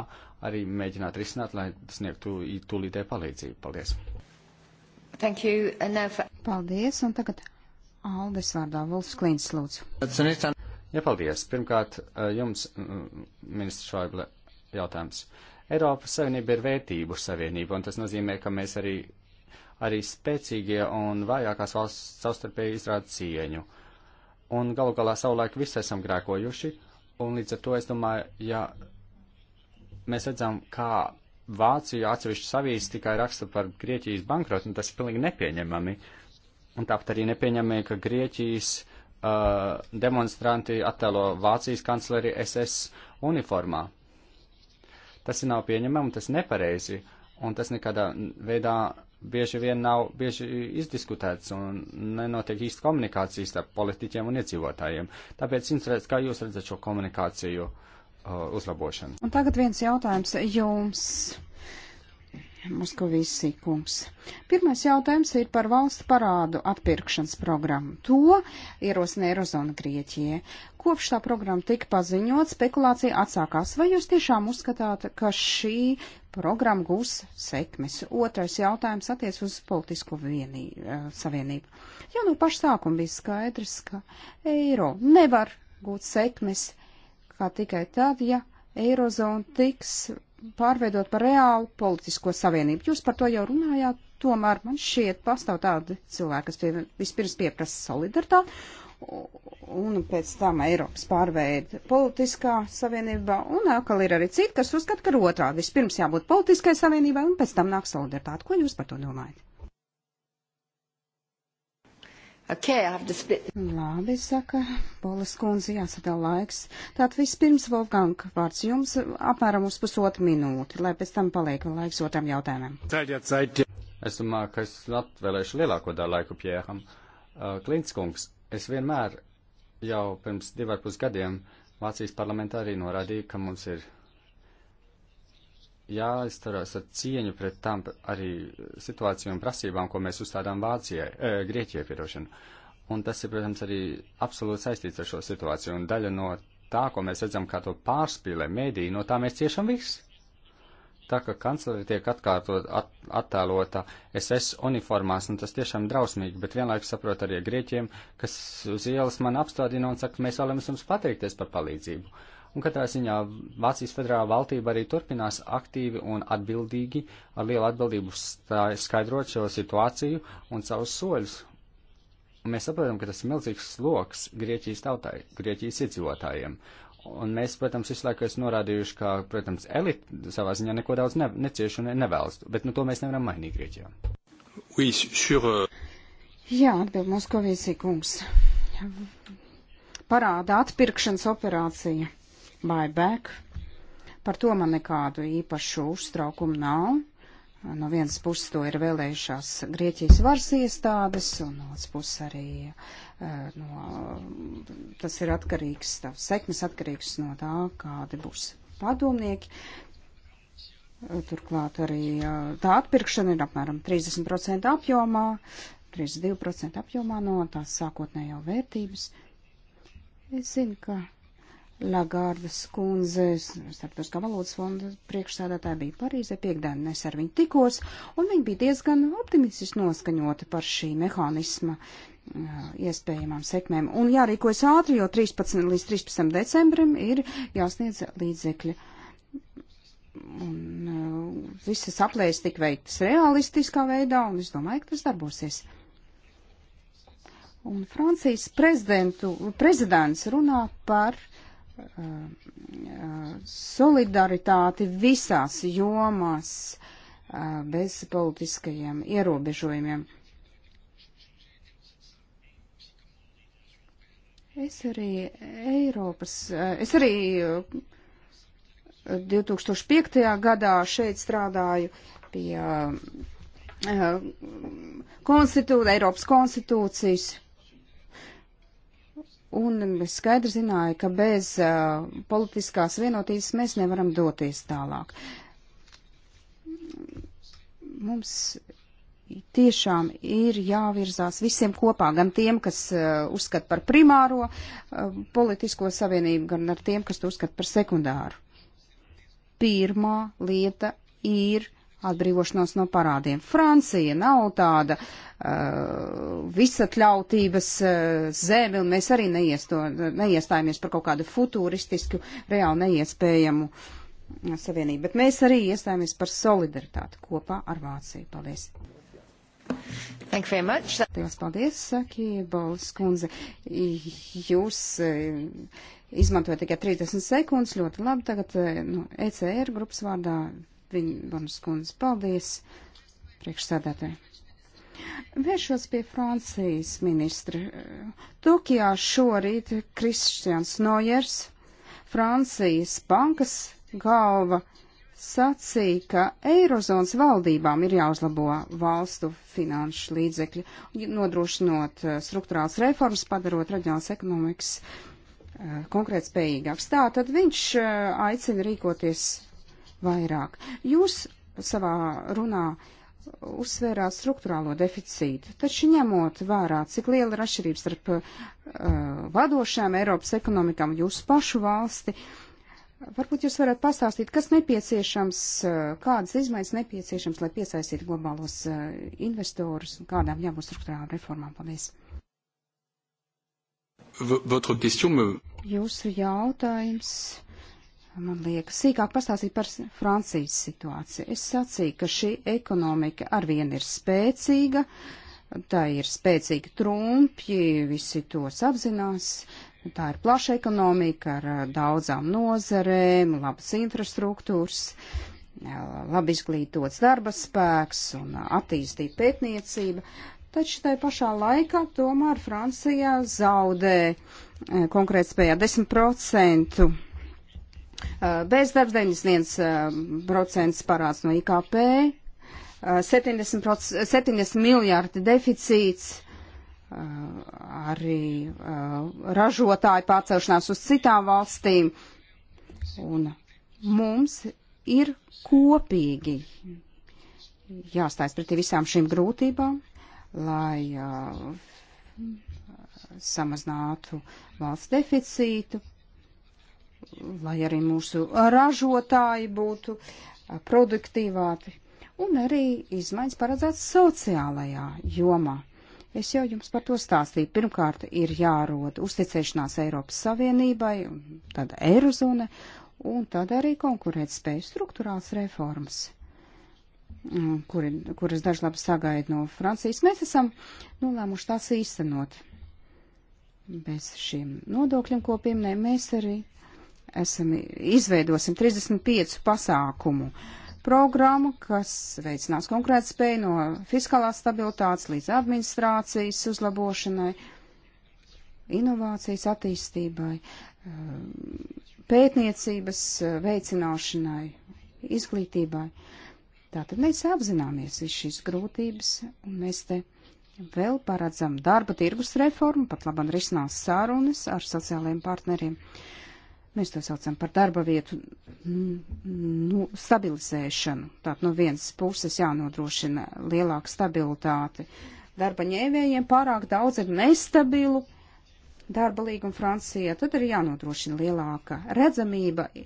arī mēģināt risināt, lai sniegtu tūlītē palīdzību. Paldies! Thank you, for... Paldies, un tagad Aldis vārdā Vulfs Klīns lūdzu. Ja paldies. Pirmkārt, eh, jums, ministrs Šoible, jautājums. Eiropas Savienība ir vērtību savienība, un tas nozīmē, ka mēs arī, arī spēcīgie un vājākās valsts savstarpēji izrāda cieņu. Un galu galā savulaik visi esam grēkojuši, un līdz ar to es domāju, ja mēs redzam, kā Vācija atsevišķi savīs tikai raksta par Grieķijas bankrotu, un nu tas ir pilnīgi nepieņemami. Un tāpat arī nepieņemami, ka Grieķijas uh, uh, demonstranti attēlo Vācijas kancleri SS uniformā. Tas ir nav pieņemami, tas nepareizi, un tas nekādā veidā bieži vien nav bieži izdiskutēts un nenotiek īsta komunikācija starp politiķiem un iedzīvotājiem. Tāpēc, redz, kā jūs redzat šo komunikāciju uh, uzlabošanu? Un tagad viens jautājums jums. Muskovīsī kungs. Pirmais jautājums ir par valstu parādu atpirkšanas programmu. To ierosina Eirozona Grieķijai. Kopš tā programma tika paziņot, spekulācija atsākās. Vai jūs tiešām uzskatāt, ka šī programma gūs sekmes? Otrais jautājums attiec uz politisko vienību, eh, savienību. Jau no paša sākuma bija skaidrs, ka eiro nevar gūt sekmes kā tikai tad, ja Eirozona tiks pārveidot par reālu politisko savienību. Jūs par to jau runājāt, tomēr man šķiet pastāv tādi cilvēki, kas pie, vispirms pieprasa solidaritāti, un pēc tam Eiropas pārveida politiskā savienībā, un atkal ir arī citi, kas uzskata, ka otrādi vispirms jābūt politiskai savienībai, un pēc tam nāk solidaritāte. Ko jūs par to domājat? Okay, Labi, saka Polas kundze, jāsadala laiks. Tātad vispirms, Volgang, vārds jums apmēram uz pusotru minūti, lai pēc tam paliek vēl laiks otram jautājumam. Es domāju, ka es atvēlēšu lielāko daļu laiku Pjēram. Uh, Klinskungs, es vienmēr jau pirms divar pus gadiem Vācijas parlamentā arī norādīju, ka mums ir jāizturās ar cieņu pret tam arī situācijām un prasībām, ko mēs uzstādām Vācijai, e, Grieķijai, piedošanu. Un tas ir, protams, arī absolūti saistīts ar šo situāciju. Un daļa no tā, ko mēs redzam, kā to pārspīlē mēdī, no tā mēs ciešam viss. Tā kā kancleri tiek atkārtot, at, attēlota SS uniformās, un tas tiešām drausmīgi, bet vienlaikus saprot arī grieķiem, kas uz ielas man apstādina un saka, mēs vēlamies jums pateikties par palīdzību. Uh, un katrā ziņā Vācijas federāla valdība arī turpinās aktīvi un atbildīgi ar lielu atbildību skaidrot šo situāciju un savus soļus. Un mēs saprotam, ka tas ir milzīgs sloks Grieķijas tautai, Grieķijas iedzīvotājiem. Un mēs, protams, visu laiku esam norādījuši, ka, protams, elite savā ziņā neko daudz ne, necieš un nevēlas, bet nu to mēs nevaram mainīt Grieķijā. Oui, sur... Euh, Jā, atbild Moskovīsī kungs. Parāda atpirkšanas operācija buyback. Par to man nekādu īpašu uztraukumu nav. No vienas puses to ir vēlējušās Grieķijas varas iestādes, un no otras puses arī eh, no, tas ir atkarīgs, tā sekmes atkarīgs no tā, kādi būs padomnieki. Turklāt arī eh, tā atpirkšana ir apmēram 30% apjomā, 32% apjomā no tās sākotnējo vērtības. Es zinu, ka Lagārdas kundze, starptautiskā valodas fonda priekšsēdētāja bija Parīzē piekdien, es ar viņu tikos, un viņa bija diezgan optimistiski noskaņota par šī mehānisma iespējamām sekmēm. Un jārīkojas ātri, jo 13 līdz 13 decembrim ir jāsniedz līdzekļi. Un uh, visas aplēs tik veiktas realistiskā veidā, un es domāju, ka tas darbosies. Un Francijas prezidents runā par uh, solidaritāti visās jomās bez politiskajiem ierobežojumiem. Es arī Eiropas, es arī 2005. gadā šeit strādāju pie konstitūta, Eiropas konstitūcijas un skaidri zināja, ka bez uh, politiskās vienotības mēs nevaram doties tālāk. Mums tiešām ir jāvirzās visiem kopā, gan tiem, kas uh, uzskata par primāro uh, politisko savienību, gan ar tiem, kas to uzskata par sekundāru. Pirmā lieta ir atbrīvošanos no parādiem. Francija nav tāda uh, visatļautības uh, zeme, un mēs arī neiesto, neiestājāmies par kaut kādu futuristisku, reāli neiespējamu savienību, bet mēs arī iestājāmies par solidaritāti kopā ar Vāciju. Paldies! Thank you very much. Lielas paldies, saki Bolas kundze. Jūs eh, izmantojat tikai 30 sekundes, ļoti labi. Tagad eh, nu, ECR grupas vārdā Vinbonas kundze. Paldies, priekšsēdētāji. Vēršos pie Francijas ministra. Tokijā šorīt Kristians Nojers, Francijas bankas galva, sacīja, ka Eirozonas valdībām ir jāuzlabo valstu finanšu līdzekļi, nodrošinot eh, struktūrāls reformas, padarot reģionāls ekonomikas eh, konkrētspējīgāks. Tātad viņš eh, aicina rīkoties vairāk. Jūs savā runā uzsvērāt struktūrālo deficītu, taču ņemot vērā, cik liela ir atšķirības starp uh, vadošajām Eiropas ekonomikām jūsu pašu valsti, varbūt jūs varat pastāstīt, kas nepieciešams, uh, kādas izmaiņas nepieciešams, lai piesaistītu globālos uh, investorus un kādām jābūt struktūrālām reformām. Paldies! V Jūsu jautājums man liekas, sīkāk pastāstīt par Francijas situāciju. Es sacīju, ka šī ekonomika arvien ir spēcīga, tā ir spēcīga trumpji, visi tos apzinās. Tā ir plaša ekonomika ar daudzām nozarēm, labas infrastruktūras, labi izglītots darba spēks un attīstīta pētniecība. Taču tai pašā laikā tomēr Francijā zaudē konkrētspējā 10% Bezdarbs 91% parāds no IKP, 70, 70 miljārdi deficīts, arī ražotāju pārcelšanās uz citām valstīm. Un mums ir kopīgi jāstājas pretī visām šīm grūtībām, lai samazinātu valsts deficītu, lai arī mūsu ražotāji būtu produktīvāki. Un arī izmaiņas paredzētas sociālajā jomā. Es jau jums par to stāstīju. Pirmkārt, ir jāroda uzticēšanās Eiropas Savienībai, tad Eirozone, un tad arī konkurētspēju struktūrāls reformas, mm, kuri, kuras dažlabi sagaida no Francijas. Mēs esam nolēmuši tās īstenot. Bez šiem nodokļiem, ko pieminēja, mēs arī esam izveidosim 35 pasākumu programmu, kas veicinās konkurētspēju no fiskālās stabilitātes līdz administrācijas uzlabošanai, inovācijas attīstībai, pētniecības veicināšanai, izglītībai. Tātad mēs apzināmies visu šīs grūtības, un mēs te vēl paredzam darba tirgus reformu, pat labam risinās sārunas ar sociālajiem partneriem. Uh, Mēs to saucam par darba vietu mm, nu, stabilizēšanu. Tātad no vienas puses jānodrošina lielāka stabilitāte. Darba ņēmējiem pārāk daudz ir nestabilu darba līguma Francijā, tad ir jānodrošina lielāka redzamība e,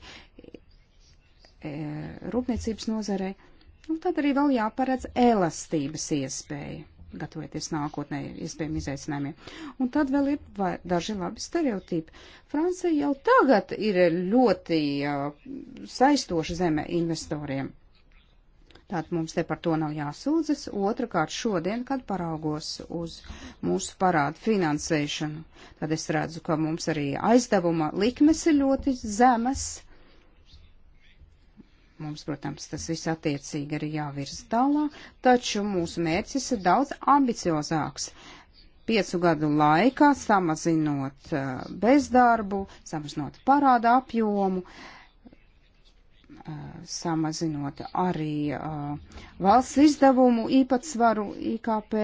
e rūpniecības nozarei. Un tad arī vēl jāparedz elastības iespēja gatavoties nākotnē iespējami izaicinājumiem. Un tad vēl ir vai, daži labi stereotipi. Francija jau tagad ir ļoti uh, saistoša zeme investoriem. Tātad mums te par to nav jāsūdzas. Otrakārt, šodien, kad paraugos uz mūsu parādu finansēšanu, tad es redzu, ka mums arī aizdevuma likmes ir ļoti zemes Mums, protams, tas viss attiecīgi arī jāvirza tālāk, taču mūsu mērķis ir daudz ambiciozāks. Piecu gadu laikā samazinot uh, bezdarbu, samazinot parāda apjomu, uh, samazinot arī uh, valsts izdevumu īpatsvaru IKP.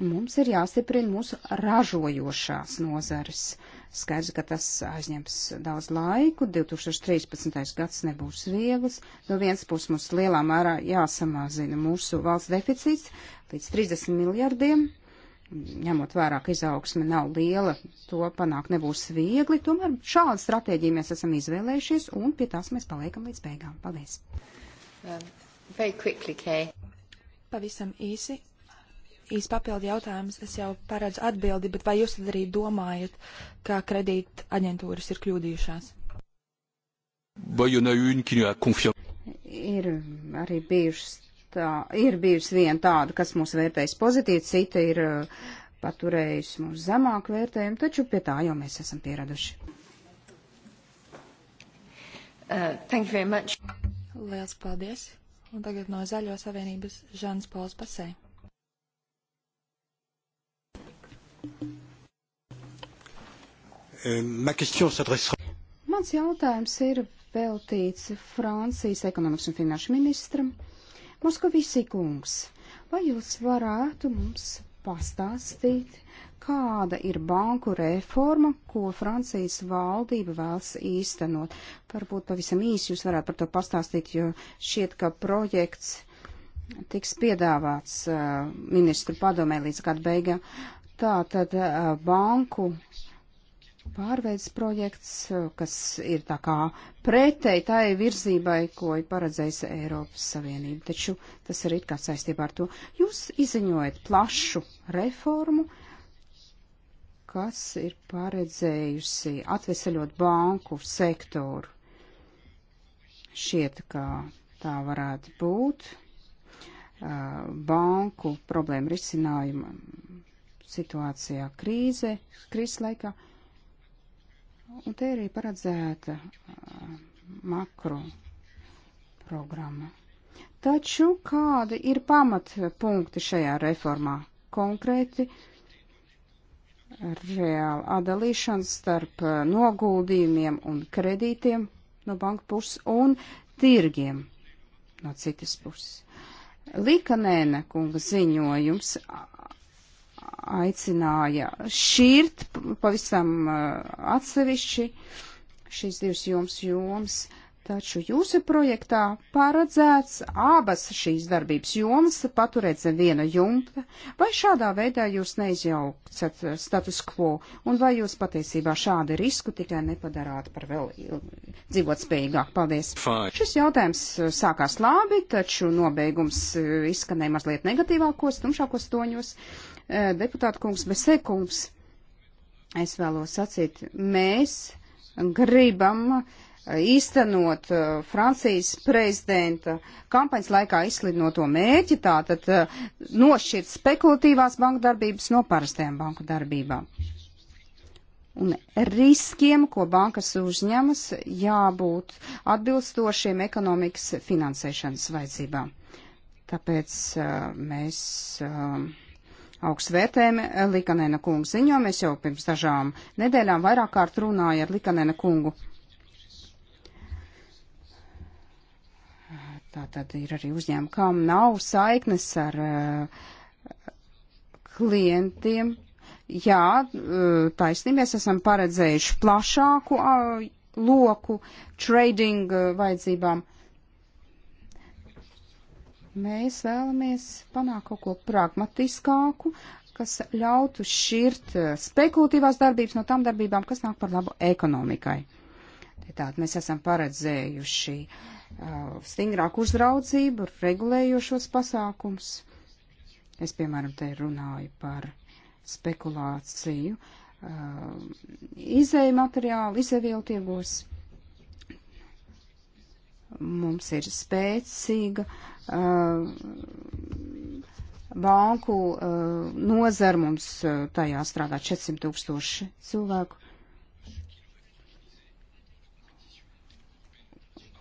Mums ir jāstiprina mūsu ražojošās nozares. Uh, Skaidrs, ka tas aizņems daudz laiku, 2013. gads nebūs viegls. No vienas puses mums lielā mērā jāsamazina mūsu valsts deficīts līdz 30 miljardiem. Ņemot vērā, ka izaugsme nav liela, to panākt nebūs viegli. Tomēr šādu stratēģiju mēs esam izvēlējušies un pie tās mēs paliekam līdz beigām. Paldies! Um, quickly, Kay. Pavisam īsi, īsi papildi jautājums. Es jau paredzu atbildi, bet vai jūs tad arī domājat, kā kredīt aģentūras ir kļūdījušās? Ir arī bijušas tā, ir bijusi viena tāda, kas mūs vērtējas pozitīvi, cita ir uh, paturējusi mūs zemāk vērtējumu, taču pie tā jau mēs esam pieraduši. Uh, thank you very much. Liels paldies. Un tagad no Zaļo savienības Žans Pols Pasē. Euh, Mans jautājums ir veltīts Francijas ekonomikas un finanšu ministram Moskavisī kungs. Vai jūs varētu mums pastāstīt, kāda ir banku reforma, ko Francijas valdība vēlas īstenot? Varbūt pavisam īsi jūs varētu par to pastāstīt, jo šķiet, ka projekts tiks piedāvāts uh, ministru padomē līdz gada beigām. Uh, Tā tad banku pārveids projekts, kas ir tā kā pretēji tai virzībai, ko ir paredzējis Eiropas Savienība. Taču tas ir it kā saistībā ar to. Jūs izziņojat plašu reformu, kas ir paredzējusi atveseļot banku sektoru. Šiet, kā tā varētu būt, banku problēma risinājuma situācijā krīze, krīzes laikā. Un te arī paredzēta uh, makro programma. Taču kādi ir pamatpunkti šajā reformā? Konkrēti reāla atdalīšana starp noguldījumiem un kredītiem no banka puses un tirgiem no citas puses. Likanēna kunga ziņojums aicināja šķirt pavisam uh, atsevišķi šīs divas jomas jomas, taču jūsu projektā paredzēts abas šīs darbības jomas paturēt zem viena jumta, vai šādā veidā jūs neizjaucat status quo, un vai jūs patiesībā šādu risku tikai nepadarāt par vēl dzīvot spējīgāk? Paldies! Fine. Šis jautājums uh, sākās labi, taču nobeigums uh, izskanēja mazliet negatīvākos, tumšākos toņos. Uh, Eh, deputāta kungs, bet sekums, es vēlos sacīt, mēs gribam eh, īstenot eh, Francijas prezidenta kampaņas laikā izslidnoto mērķi, tātad nošķirt spekulatīvās banku darbības no parastajām banku darbībām. Un riskiem, ko bankas uzņemas, jābūt atbilstošiem ekonomikas finansēšanas vajadzībām. Tāpēc uh, mēs. Uh, augstu vērtējumi eh, Likanēna kungu ziņo. Mēs jau pirms dažām nedēļām vairāk kārt runāju ar Likanēna kungu. Tā tad ir arī uzņēmumi, kam nav saiknes ar uh, klientiem. Jā, uh, taisnība, mēs esam paredzējuši plašāku uh, loku trading vajadzībām. Uh, Mēs vēlamies panākt kaut ko pragmatiskāku, kas ļautu šķirt eh, spekulatīvās darbības no tām darbībām, kas nāk par labu ekonomikai. Tātad mēs esam paredzējuši uh, stingrāku uzraudzību, regulējošos pasākums. Es, piemēram, te runāju par spekulāciju, uh, izēju materiālu, izēvielu tirgos. Mums ir spēcīga uh, banku uh, nozara, mums uh, tajā strādā 400 tūkstoši cilvēku.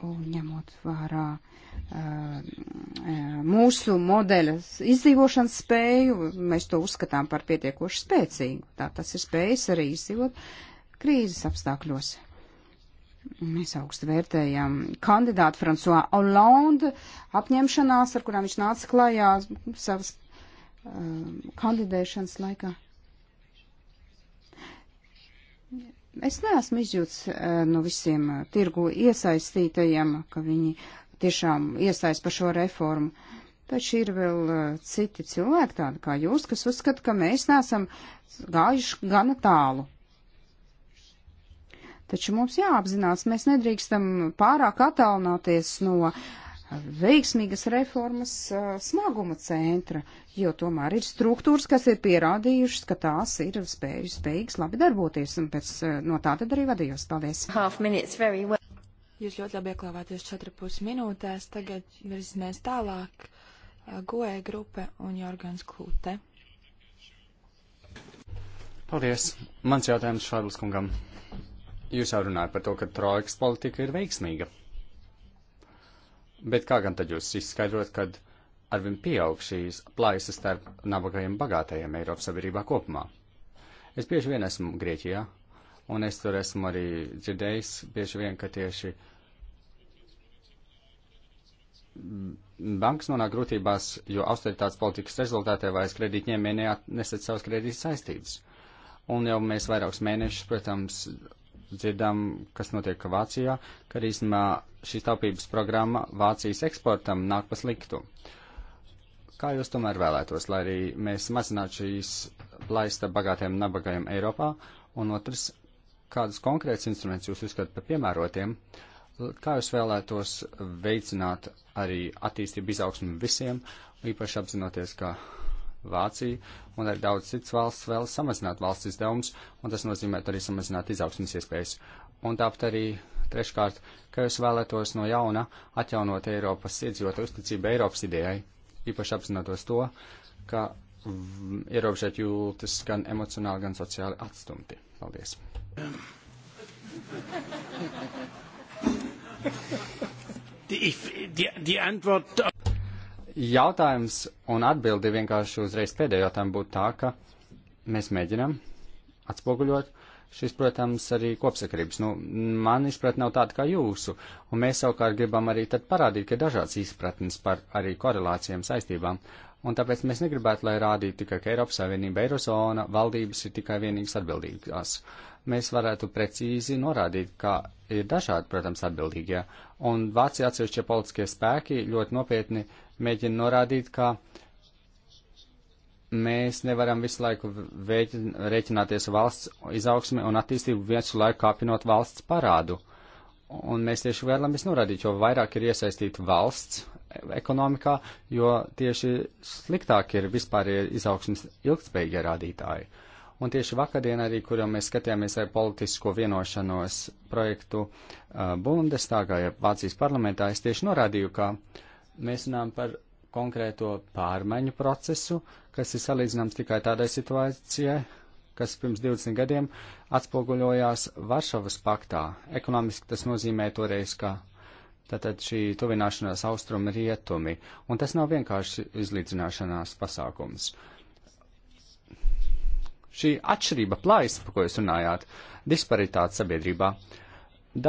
Un ņemot vērā uh, uh mūsu modeļas izdzīvošanas spēju, mēs to uzskatām par pietiekoši spēcīgu. Tā tas ir spējas arī izdzīvot krīzes apstākļos. Mēs augstu vērtējam kandidātu François Hollande apņemšanās, ar kurām viņš nāca klajā savas um, kandidēšanas laikā. Es neesmu izjūts uh, no visiem uh, tirgu iesaistītajiem, ka viņi tiešām iesaist par šo reformu. Taču ir vēl uh, citi cilvēki, tādi kā jūs, kas uzskata, ka mēs neesam gājuši gana tālu Taču mums jāapzinās, mēs nedrīkstam pārāk attālināties no veiksmīgas reformas uh, smaguma centra, jo tomēr ir struktūras, kas ir pierādījušas, ka tās ir spēj, spējīgas labi darboties, un pēc uh, no tā tad arī vadījos. Paldies! Minutes, well. Jūs ļoti labi ieklāvāties 4,5 minūtēs, tagad virzīsimies tālāk. Uh, Goē grupe un Jorgans Klūte. Paldies! Mans jautājums Šārlis kungam. Jūs jau runājat par to, ka trojkas politika ir veiksmīga. Bet kā gan tad jūs izskaidrot, kad arvien pieaug šīs plaisas starp nabagajiem bagātajiem Eiropas sabiedrībā kopumā? Es bieži vien esmu Grieķijā, un es tur esmu arī dzirdējis bieži vien, ka tieši bankas nonāk grūtībās, jo austeritātes politikas rezultātē vairs kredītņēmēji nesat savas kredītas saistības. Un jau mēs vairākus mēnešus, protams, dzirdam, kas notiek Vācijā, ka īstenībā šī taupības programma Vācijas eksportam nāk pa sliktu. Kā jūs tomēr vēlētos, lai arī mēs mazinātu šīs laista bagātiem un nabagajiem Eiropā? Un otrs, kādus konkrētus instrumentus jūs uzskatāt par piemērotiem? Kā jūs vēlētos veicināt arī attīstību izaugsmu visiem, īpaši apzinoties, ka Vācija un arī daudz cits valsts vēl samazināt valsts izdevumus, un tas nozīmē arī samazināt izaugsmas iespējas. Un tāpat arī treškārt, ka es vēlētos no jauna atjaunot Eiropas iedzīvotāju uzticību Eiropas idejai, īpaši apzinoties to, ka ierobežot jūtas gan emocionāli, gan sociāli atstumti. Paldies! Die, die, die Antwort jautājums un atbildi vienkārši uzreiz pēdējo jautājumu būtu tā, ka mēs mēģinam atspoguļot šis, protams, arī kopsakarības. Nu, man izpratne nav tāda kā jūsu, un mēs savukārt gribam arī tad parādīt, ka dažāds izpratnes par arī korelācijām saistībām, un tāpēc mēs negribētu, lai rādītu tikai, ka Eiropas Savienība, Eirozona, valdības ir tikai vienīgas atbildīgās. Mēs varētu precīzi norādīt, ka ir dažādi, protams, atbildīgie, un Vācija atsevišķie politiskie spēki ļoti nopietni mēģina norādīt, ka mēs nevaram visu laiku rēķināties valsts izaugsmi un attīstību viensu laiku kāpinot valsts parādu. Un mēs tieši vēlamies norādīt, jo vairāk ir iesaistīta valsts ekonomikā, jo tieši sliktāk ir vispār ir izaugsmes ilgspējīgie rādītāji. Un tieši vakardien arī, kur jau mēs skatījāmies ar politisko vienošanos projektu uh, Bundestagā, ja Vācijas parlamentā, es tieši norādīju, ka mēs runājam par konkrēto pārmaiņu procesu, kas ir salīdzināms tikai tādai situācijai, kas pirms 20 gadiem atspoguļojās Varšavas paktā. Ekonomiski tas nozīmē toreiz, ka Tātad šī tuvināšanās austrumi rietumi, un tas nav vienkārši izlīdzināšanās pasākums. Šī atšķirība plājas, par ko jūs runājāt, disparitāte sabiedrībā.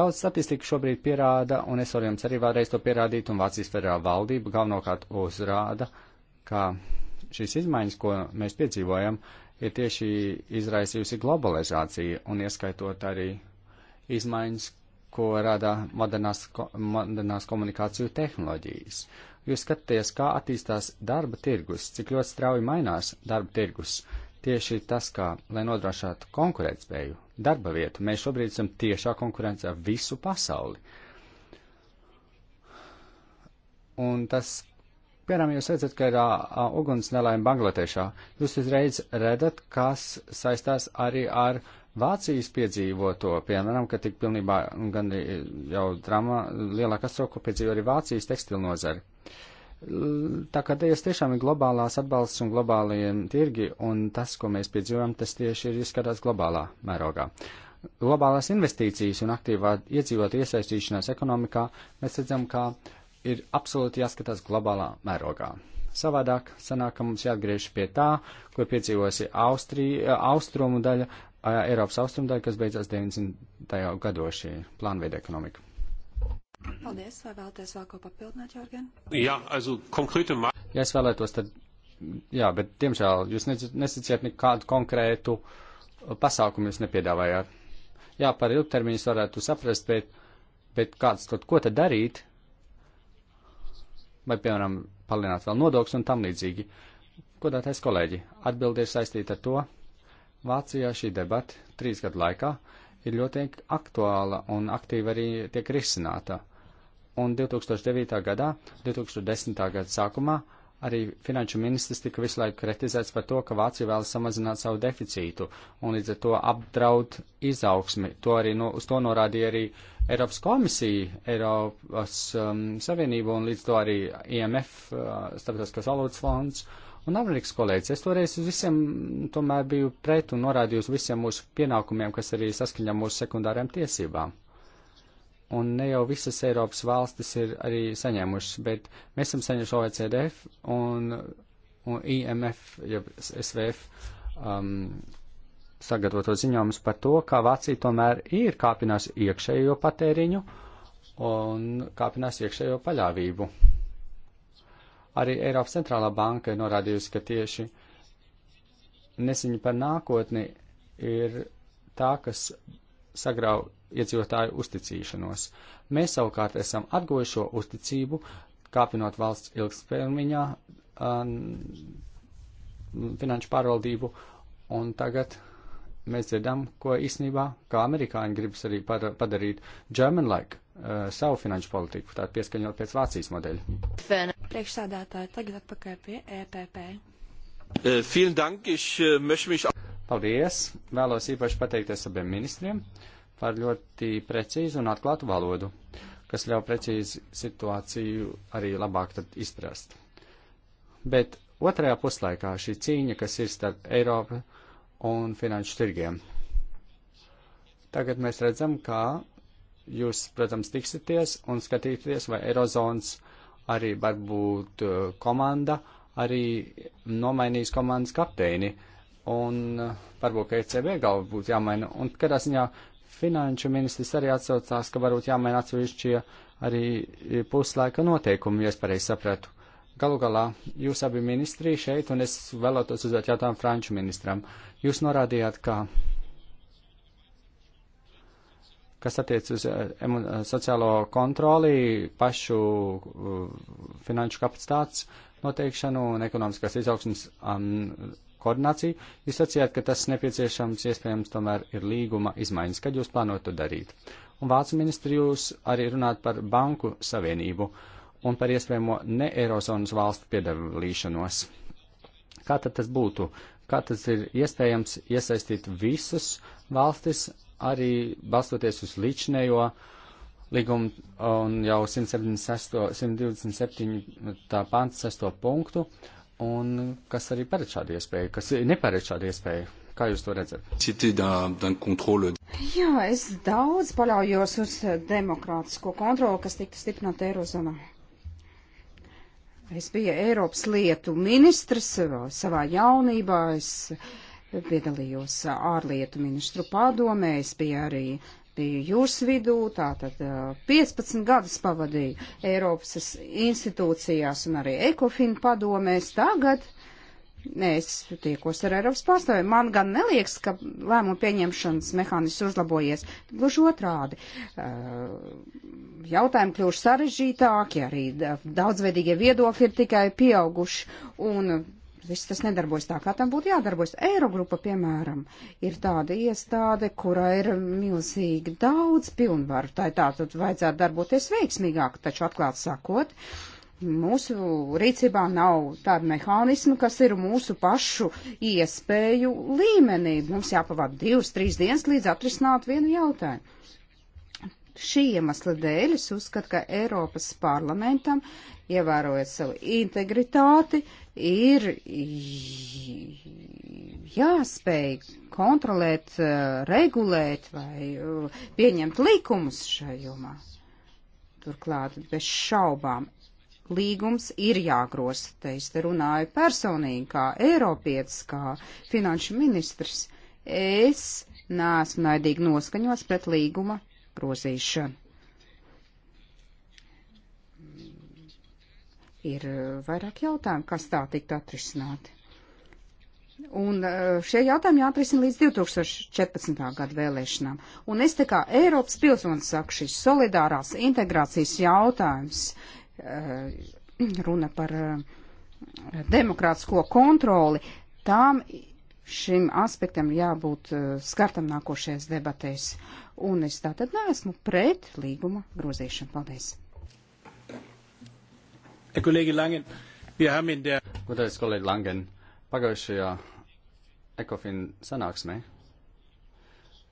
Daudz statistika šobrīd pierāda, un es varu jums arī vēlreiz to pierādīt, un Vācijas federāla valdība galvenokārt uzrāda, ka šīs izmaiņas, ko mēs piedzīvojam, ir tieši izraisījusi globalizācija, un ieskaitot arī izmaiņas, ko rada modernās, modernās komunikāciju tehnoloģijas. Jūs skatāties, kā attīstās darba tirgus, cik ļoti strauji mainās darba tirgus. Tieši tas, kā, lai nodrošinātu konkurētspēju, darba vietu, mēs šobrīd esam tiešā konkurence ar visu pasauli. Un tas, piemēram, jūs redzat, ka ir uh, uguns nelaime Bangladešā. Jūs uzreiz redzat, kas saistās arī ar uh, Vācijas piedzīvoto, piemēram, ka tik pilnībā gan jau drama lielā katastrofa piedzīvo arī Vācijas tekstilu nozari. Tā kā tajās tiešām ir globālās atbalsts un globālajiem tirgi, un tas, ko mēs piedzīvojam, tas tieši ir izskatās globālā mērogā. Globālās investīcijas un aktīvā iedzīvot iesaistīšanās ekonomikā mēs redzam, ka ir absolūti jāskatās globālā mērogā. Savādāk sanāk, ka mums jāatgriež pie tā, ko piedzīvosi Austrija, austrumu daļa Eiropas austrumdaļa, kas beidzās 90. gados šī plānveida ekonomika. Paldies, vai vēlaties vēl ko papildināt, Jorgen? Jā, also konkrēti. Ja es vēlētos, tad, jā, bet, diemžēl, jūs nesacījāt nekādu konkrētu uh, pasākumu, jūs nepiedāvājāt. Jā, par ilgtermiņus varētu saprast, bet, bet kāds tad, ko tad darīt? Vai, piemēram, palielināt vēl nodokļus un tam līdzīgi. Godātais kolēģi, atbildi ir saistīta ar to, Vācijā šī debata trīs gadu laikā ir ļoti aktuāla un aktīvi arī tiek risināta. Un 2009. gadā, 2010. gada sākumā arī finanšu ministrs tika visu laiku kritizēts par to, ka Vācija vēlas samazināt savu deficītu un līdz ar to apdraud izaugsmi. To arī no, uz to norādīja arī Eiropas komisija, Eiropas um, Savienība un līdz to arī IMF, uh, Starptautiskās valūtas fonds. Uh, Un Amerikas kolēģis, es toreiz visiem tomēr biju pret un norādīju uz visiem mūsu pienākumiem, kas arī saskaņā mūsu sekundāriem tiesībām. Un ne jau visas Eiropas valstis ir arī saņēmušas, bet mēs esam saņēmuši OECDF un, un IMF, jeb SVF, um, sagatavoto ziņojumus par to, kā Vācija tomēr ir kāpinās iekšējo patēriņu un kāpinās iekšējo paļāvību. Arī Eiropas centrālā banka ir norādījusi, ka tieši nesiņa par nākotni ir tā, kas sagrauj iedzīvotāju uzticīšanos. Mēs savukārt esam atgojušo uzticību, kāpinot valsts ilgspējumā um, finanšu pārvaldību, un tagad mēs dzirdam, ko īstenībā, kā amerikāņi gribas arī par, padarīt German-like uh, savu finanšu politiku, tātad pieskaņot pēc Vācijas modeļa. Priekšsādātāji, tagad atpakaļ pie EPP. Eh, eh, Paldies! Vēlos īpaši pateikties abiem ministriem par ļoti precīzu un atklātu valodu, kas ļauj precīzi situāciju arī labāk tad izprast. Bet otrajā puslaikā šī cīņa, kas ir starp Eiropu un finanšu tirgiem. Tagad mēs redzam, kā jūs, protams, tiksieties un skatīties, vai Eirozonas arī varbūt uh, komanda arī nomainīs komandas kapteini. Un uh, varbūt, ka ECB galva būtu jāmaina. Un kādā ziņā finanšu ministrs arī atsaucās, ka varbūt jāmaina atsevišķie arī puslaika noteikumi, ja es pareizi sapratu. Galu galā, jūs abi ministri šeit, un es vēlētos uzdot jautājumu franču ministram. Jūs norādījāt, ka kas attiec uz eh, eh, sociālo kontroli, pašu eh, finanšu kapacitātes noteikšanu un ekonomiskās izaugsmas um, koordināciju, jūs sacījāt, ka tas nepieciešams iespējams tomēr ir līguma izmaiņas. Kad jūs plānojat to darīt? Un Vācu ministri jūs arī runāt par banku savienību un par iespējamo ne Eirozonas valstu piedalīšanos. Kā tad tas būtu? Kā tas ir iespējams iesaistīt visus valstis arī balstoties uz līdšanējo līgumu un jau 176, 127. pāns 6. punktu, un kas arī paredz šādu iespēju, kas neparedz šādu iespēju. Kā jūs to redzat? Jā, es daudz paļaujos uz demokrātisko kontroli, kas tiktu stiprināta Eirozonā. Es biju Eiropas lietu ministrs savā jaunībā. Es, uh, piedalījos uh, ārlietu ministru padomē, es biju arī biju jūras vidū, tātad 15 uh, gadus pavadīju Eiropas institūcijās un arī Ekofin padomēs. Tagad es tiekos ar Eiropas pārstāvjiem. Man gan neliekas, ka lēmumu pieņemšanas mehānisms uzlabojies. Gluži otrādi. Uh, jautājumi kļūst sarežģītāki, arī daudzveidīgie viedokļi ir tikai pieauguši. Un viss tas nedarbojas tā, kā tam būtu jādarbojas. Eirogrupa, piemēram, ir tāda iestāde, kurā ir milzīgi daudz pilnvaru. Tā ir tā, tad vajadzētu darboties veiksmīgāk, taču atklāt sakot, mūsu rīcībā nav tāda mehānisma, kas ir mūsu pašu iespēju līmenī. Mums jāpavada divas, trīs dienas, līdz atrisināt vienu jautājumu. Šī iemesla dēļ es uzskatu, ka Eiropas parlamentam, ievērojot savu integritāti, ir jāspēj kontrolēt, eh, regulēt vai eh, pieņemt likumus šajā jomā. Turklāt bez šaubām līgums ir jāgrosta. Te es te runāju personīgi, kā Eiropietis, kā finanšu ministrs. Es neesmu naidīgi noskaņots pret līguma grozīšanu. Ir eh, vairāk jautājumu, kas tā tiktu atrisināti. Un eh, šie jautājumi jāatrisina līdz 2014. gada vēlēšanām. Un es te kā Eiropas pilsonis saku, šis solidārās integrācijas jautājums, eh, runa par demokrātisko kontroli, tām šim aspektam jābūt skartam nākošajās debatēs. Un es tātad neesmu pret līguma grozīšanu. Paldies! Herr eh, Kollege Langen, wir haben in der. Gudais kolēģi Langen, pagājušajā ECOFIN sanāksmē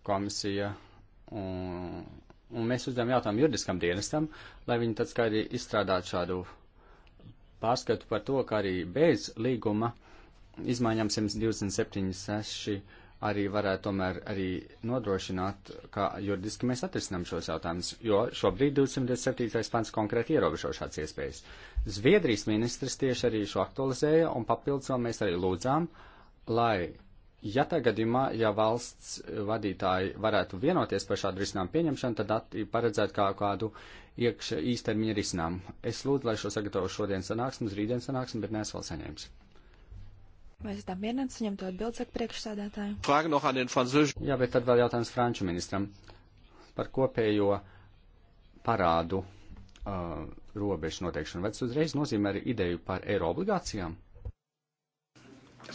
komisija un, mm, un mm, mēs uzdevām jautājumu juridiskam dienestam, lai viņi tad skaidri izstrādātu šādu pārskatu par to, ka arī bez līguma izmaiņām 127.6 arī varētu tomēr arī nodrošināt, ka juridiski mēs atrisinām šos jautājumus, jo šobrīd 227. pants konkrēti ierobežo šāds iespējas. Zviedrijas ministrs tieši arī šo aktualizēja un papildus vēl mēs arī lūdzām, lai, ja tā gadījumā, ja valsts vadītāji varētu vienoties par šādu risinājumu pieņemšanu, tad paredzētu kā kādu iekš īstermiņa risinājumu. Es lūdzu, lai šo sagatavotu šodien sanāksmes, rītdien sanāksmes, bet neesmu vēl saņēmis. Vai esat apmierināts saņemt atbildi, saka priekšsādātāju? Jā, bet tad vēl jautājums franču ministram par kopējo parādu uh, robežu noteikšanu. Vai tas uzreiz nozīmē arī ideju par eiro obligācijām?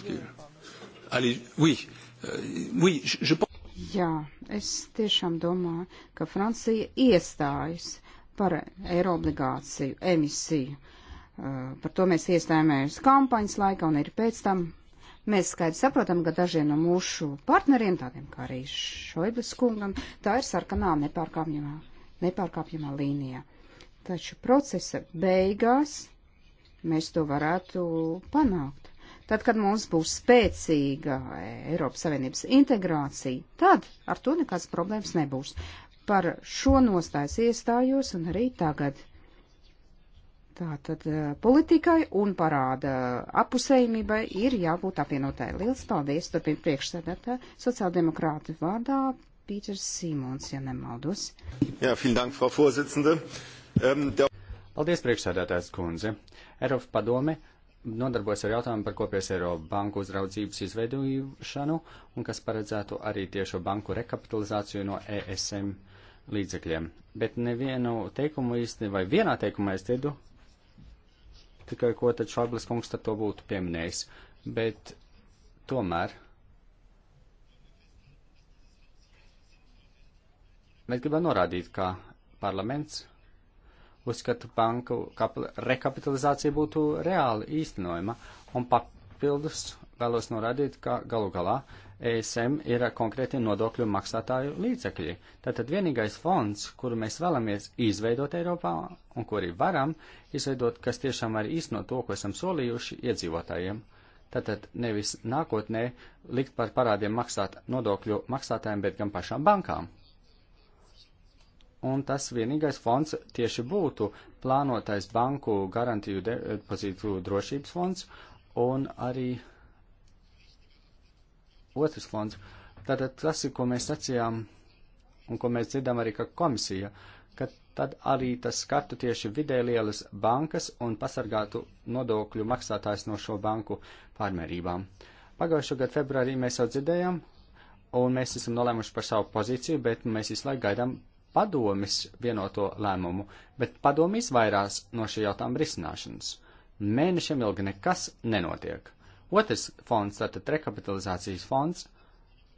Euh, Jā, es tiešām domāju, ka Francija iestājas par eiro obligāciju emisiju. Uh, Eh, par to mēs iestājāmies kampaņas laikā un ir pēc tam. Mēs skaidri saprotam, ka dažiem no mūsu partneriem, tādiem kā arī Šoibas kungam, tā ir sarkanā nepārkāpjamā, nepārkāpjamā līnija. Taču procesa beigās mēs to varētu panākt. Tad, kad mums būs spēcīga Eiropas Savienības integrācija, tad ar to nekāds problēmas nebūs. Par šo nostājas iestājos un arī tagad. Tātad eh, politikai un parāda apusējumībai ir jābūt apvienotai. Liels paldies, turpina priekšsēdētā sociāldemokrāta vārdā Pīters Simons, ja nemaldos. Jā, vielen dank, Frau Vorsitzende. Um, ähm, da... Paldies, priekšsēdētājs kundze. Eiropas padome nodarbojas ar jautājumu par kopies Eiropas banku uzraudzības izveidošanu un kas paredzētu arī tiešo banku rekapitalizāciju no ESM līdzekļiem. Bet nevienu teikumu īsti vai vienā teikumā es dzirdu tikai ko tad Švablis kungs tad to būtu pieminējis. Bet tomēr. Mēs gribam norādīt, ka parlaments uzskata banku rekapitalizācija būtu reāli īstenojama un papildus vēlos norādīt, ka galu galā ESM ir konkrēti nodokļu maksātāju līdzekļi. Tātad vienīgais fonds, kuru mēs vēlamies izveidot Eiropā un kuri varam izveidot, kas tiešām arī īsno to, ko esam solījuši iedzīvotājiem. Tātad nevis nākotnē likt par parādiem maksāt nodokļu maksātājiem, bet gan pašām bankām. Un tas vienīgais fonds tieši būtu plānotais banku garantiju depozītu drošības fonds un arī otrs fonds. Tātad tas ir, ko mēs sacījām un ko mēs dzirdam arī, ka komisija, ka tad arī tas skartu tieši vidēlielas bankas un pasargātu nodokļu maksātājs no šo banku pārmērībām. Pagājušo gadu februārī mēs jau dzirdējām, un mēs esam nolēmuši par savu pozīciju, bet mēs visu laiku gaidām padomis vienoto lēmumu, bet padomi izvairās no šī jautājuma risināšanas. Mēnešiem ilgi nekas nenotiek. Otrs fonds, tātad rekapitalizācijas fonds,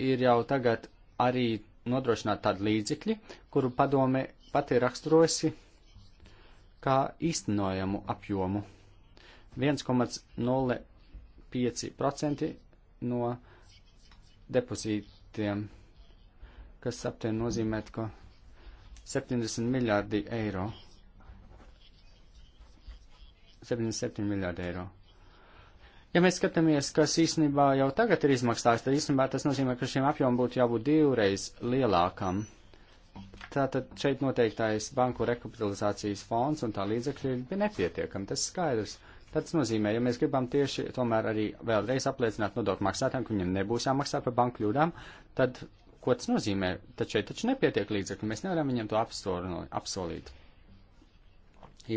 ir jau tagad arī nodrošināt tādu līdzekļi, kuru padome pati raksturosi kā īstenojamu apjomu. 1,05% no depozītiem, kas aptien nozīmē, ka 70 miljārdi eiro, 77 miljārdi eiro. Ja mēs skatāmies, kas īstenībā jau tagad ir izmaksāts, tad īstenībā tas nozīmē, ka šiem apjomam būtu jābūt divreiz lielākam. Tātad šeit noteiktais banku rekapitalizācijas fonds un tā līdzekļi ir nepietiekami, tas skaidrs. Tas nozīmē, ja mēs gribam tieši tomēr arī vēlreiz apliecināt nodokļu maksātājiem, ka viņiem nebūs jāmaksā par banku kļūdām, tad ko tas nozīmē? Tad šeit taču nepietiek līdzekļi, mēs nevaram viņiem to apsolīt.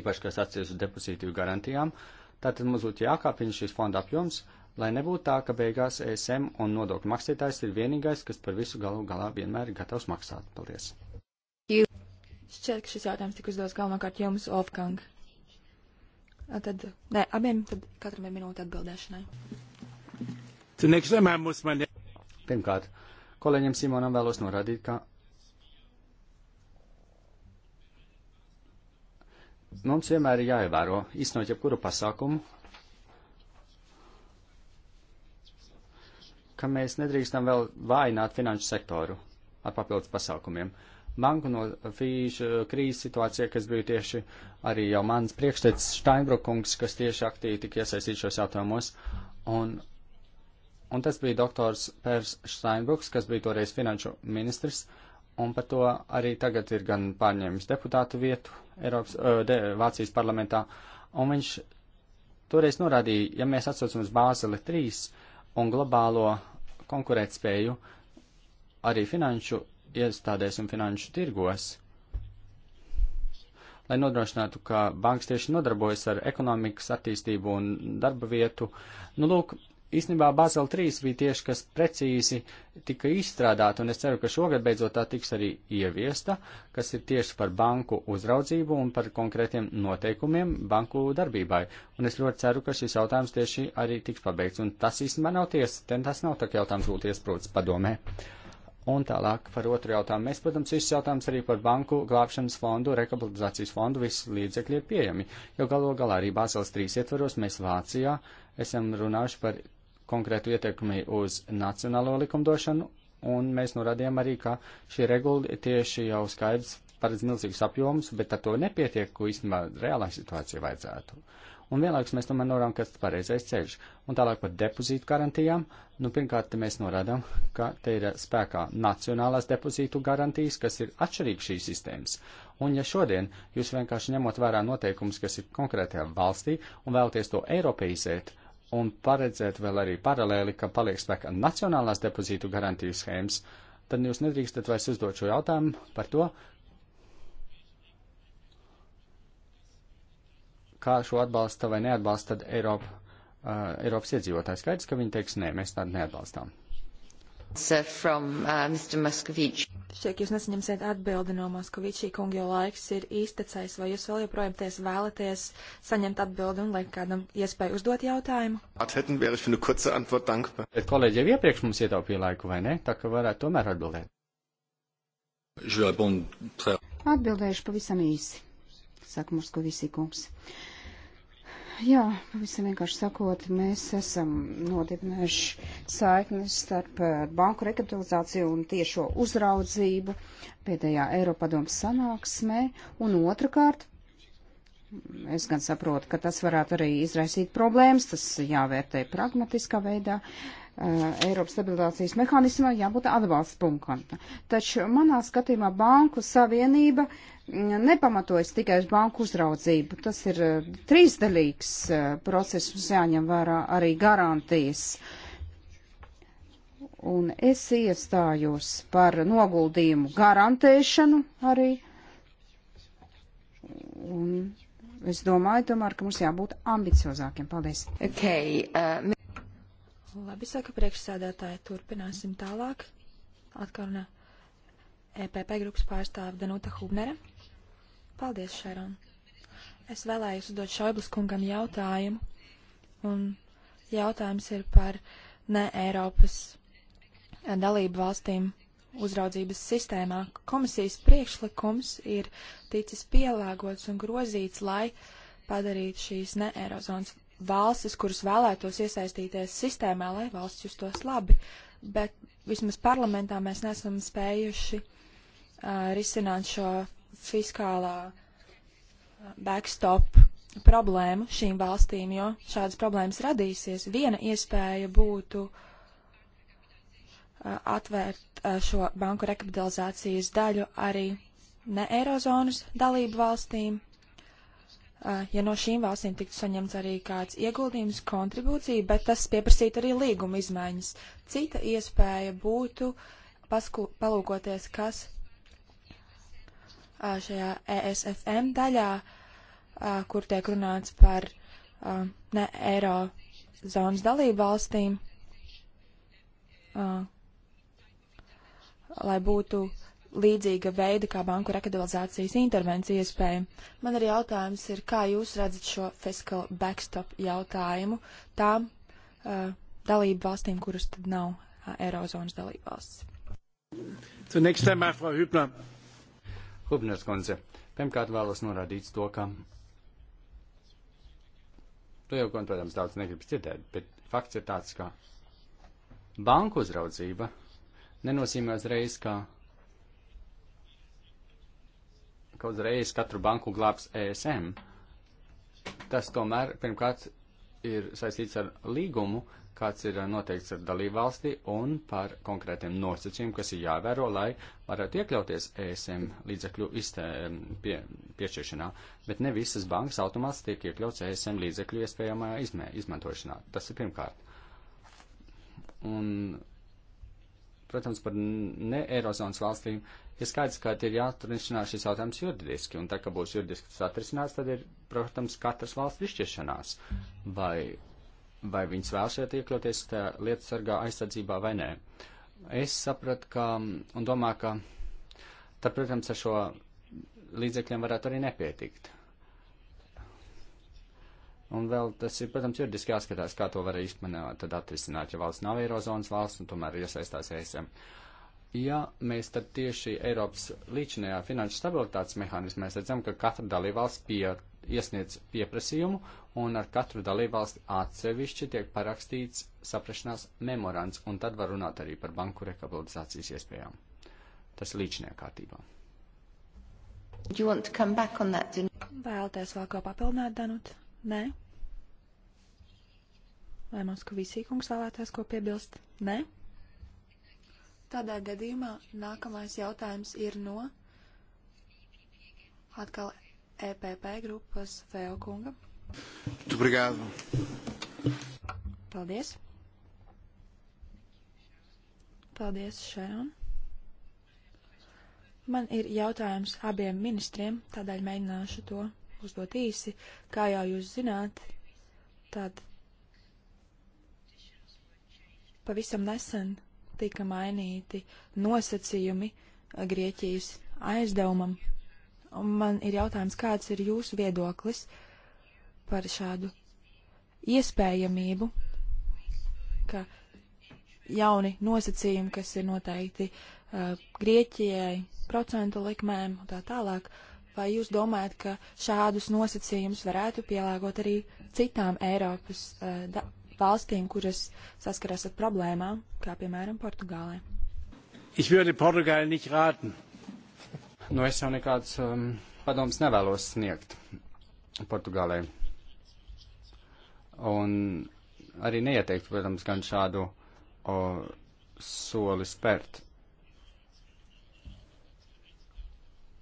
Īpaši, kas atcies uz depozītīvu garantijām, uh, Tātad mums būtu jākāpina šīs fonda apjoms, lai nebūtu tā, ka beigās ESM un nodokļu maksātājs ir vienīgais, kas par visu galu galā vienmēr ir gatavs maksāt. Paldies! Šķiet, ka šis jautājums tika uzdots galvenokārt jums, Wolfgang. Tad, nē, abiem, tad katram ir minūte atbildēšanai. Pirmkārt, kolēģiem Simonam vēlos norādīt, ka mums vienmēr ir jāievēro, īstenot jebkuru pasākumu, ka mēs nedrīkstam vēl vājināt finanšu sektoru ar papildus pasākumiem. Banku no fīžu eh, krīzes situācija, kas bija tieši arī jau mans priekštecis Steinbrukungs, kas tieši aktīvi tika iesaistīts šos jautājumos, un, un tas bija doktors Pērs Steinbruks, kas bija toreiz finanšu ministrs, un par to arī tagad ir gan pārņēmis deputātu vietu, Eiropas, de, Vācijas parlamentā, un viņš toreiz norādīja, ja mēs atsaucam uz Bāzeli 3 un globālo konkurētspēju arī finanšu iestādēs un finanšu tirgos, lai nodrošinātu, ka bankas tieši nodarbojas ar ekonomikas attīstību un darba vietu. Nu, lūk, īstenībā Bāzela 3 bija tieši, kas precīzi tika izstrādāta, un es ceru, ka šogad beidzot tā tiks arī ieviesta, kas ir tieši par banku uzraudzību un par konkrētiem noteikumiem banku darbībai. Un es ļoti ceru, ka šis jautājums tieši arī tiks pabeigts, un tas īstenībā nav tiesa, ten tas nav tā, ka jautājums būtu iesprūdis padomē. Un tālāk par otru jautājumu. Mēs, protams, visus jautājumus arī par banku glābšanas fondu, rekapitalizācijas fondu, visi līdzekļi ir pieejami, jo galo galā arī Bāzels 3 ietvaros mēs Vācijā esam runājuši par konkrētu ietekmi uz nacionālo likumdošanu, un mēs norādījām arī, ka šī regula tieši jau skaidrs paredz milzīgus apjomus, bet ar to nepietiek, ko īstenībā reālā situācija vajadzētu. Un vienlaikus mēs tomēr norādām, kas ir pareizais ceļš. Un tālāk par depozītu garantijām. Nu, pirmkārt, mēs norādām, ka te ir spēkā nacionālās depozītu garantijas, kas ir atšķirīgas šīs sistēmas. Un ja šodien jūs vienkārši ņemot vērā noteikumus, kas ir konkrētajā valstī, un vēlaties to eiropeizēt, un paredzēt vēl arī paralēli, ka paliek spēkā nacionālās depozītu garantiju schēmas, tad jūs nedrīkstat vairs uzdot šo jautājumu par to, kā šo atbalsta vai neatbalsta Eiropa, uh, Eiropas iedzīvotāji. Skaidrs, ka viņi teiks, nē, mēs tādu neatbalstām. From, uh, Šķiet, jūs nesaņemsiet atbildi no Moskavičī kunga, jo laiks ir iztecais. Vai jūs vēl joprojām ties vēlaties saņemt atbildi un liek kādam iespēju uzdot jautājumu? Athetten, wäre ich für eine kurze Antwort dankbar. Bet kolēģi jau iepriekš mums ietaupīja laiku, vai ne? Tā ka varētu tomēr atbildēt. Atbildēšu pavisam īsi, saka Moskavičī kungs. Uh, Jā, pavisam vienkārši sakot, mēs esam nodibinājuši saiknes starp eh, banku rekapitalizāciju un tiešo uzraudzību pēdējā Eiropadomas sanāksmē. Un otrkārt, es gan saprotu, ka tas varētu arī izraisīt problēmas, tas jāvērtē pragmatiskā veidā. Uh, Eh, Eiropas stabilizācijas mehānismam jābūt atbalsta punktam. Taču manā skatījumā Banku Savienība mm, nepamatojas tikai uz banku uzraudzību. Tas ir eh, trīsdaļīgs eh, process, mums jāņem vērā arī garantijas. Un es iestājos par noguldījumu garantēšanu arī. Un es domāju, tomēr, ka mums jābūt ambiciozākiem. Paldies. Okay, uh, Labi, saka priekšsēdētāji, turpināsim tālāk. Atkarna EPP grupas pārstāve Danuta Hubnere. Paldies, Šeron. Es vēlējos uzdot Šaiblis kungam jautājumu, un jautājums ir par ne Eiropas dalību valstīm uzraudzības sistēmā. Komisijas priekšlikums ir ticis pielāgots un grozīts, lai padarītu šīs ne Eirozonas valstis, kuras vēlētos iesaistīties sistēmā, lai valsts justos labi, bet vismaz parlamentā mēs nesam spējuši uh, risināt šo fiskālā backstop problēmu šīm valstīm, jo šādas problēmas radīsies. Viena iespēja būtu uh, atvērt uh, šo banku rekapitalizācijas daļu arī ne Eirozonas dalību valstīm, ja no šīm valstīm tiktu saņemts arī kāds ieguldījums, kontribūcija, bet tas pieprasītu arī līguma izmaiņas. Cita iespēja būtu pasku, palūkoties, kas šajā ESFM daļā, kur tiek runāts par ne eiro zonas dalību valstīm, lai būtu uh, līdzīga veida kā banku rekapitalizācijas intervencija iespēja. Man arī jautājums ir, kā jūs redzat šo fiscal backstop jautājumu tām uh, dalību valstīm, kuras tad nav uh, Eirozonas dalību valsts? Zunächst einmal, uh, Frau Hübner. Hübners Konze, pirmkārt vēlos norādīt to, ka. To jau, kon, protams, daudz negribas dzirdēt, bet fakts ir tāds, ka banku uzraudzība nenozīmē uzreiz, ka ka uzreiz katru banku glābs ESM. Tas tomēr pirmkārt ir saistīts ar līgumu, kāds ir uh, noteikts ar dalībvalsti un par konkrētiem nosacījumiem, kas ir jāvēro, lai varētu iekļauties ESM līdzekļu iztē, um, pie, piešķiršanā, bet ne visas bankas automāts tiek iekļauts ESM līdzekļu iespējamā izmē, izmantošanā. Tas ir pirmkārt. Un, protams, par ne Eirozonas valstīm Ir skaidrs, ka ir jāatrisinā šis jautājums juridiski, un tā kā būs juridiski tas atrisinās, tad ir, protams, katras valsts izšķiršanās, vai, vai viņas vēl šeit iekļauties lietas sargā aizsardzībā vai nē. Es sapratu, ka, un domāju, ka, tad, protams, ar šo līdzekļiem varētu arī nepietikt. Un vēl tas ir, protams, juridiski jāskatās, kā to var īstenībā tad atrisināt, ja valsts nav Eirozonas valsts un tomēr iesaistās ESM. Uh, ja mēs tad tieši Eiropas līdzinējā finanšu stabilitātes mehānismā redzam, ka katra dalībvalsts pie, iesniedz pieprasījumu un ar katru dalībvalsti atsevišķi tiek parakstīts saprašanās memorands, un tad var runāt arī par banku rekapitalizācijas iespējām. Tas līdzinējā kārtībā. Vēlties vēl ko papildināt, Danut? Nē? Vai Moskavīsī kungs vēlētās ko piebilst? Nē? Tādā gadījumā nākamais jautājums ir no atkal EPP grupas Feo kunga. Obrigado. Paldies. Paldies, Šēron. Man ir jautājums abiem ministriem, tādēļ mēģināšu to uzdot īsi. Kā jau jūs zināt, tad pavisam nesen tika mainīti nosacījumi Grieķijas aizdevumam. Un man ir jautājums, kāds ir jūsu viedoklis par šādu iespējamību, ka jauni nosacījumi, kas ir noteikti uh, Grieķijai, procentu likmēm un tā tālāk, vai jūs domājat, ka šādus nosacījumus varētu pielāgot arī citām Eiropas uh, da valstīm, kuras saskarās ar problēmām, kā piemēram Portugālē? Ich würde Portugāli nicht raten. Nu, es jau nekādus um, padomus nevēlos sniegt Portugālē. Un arī neieteiktu, protams, gan šādu o, soli spērt.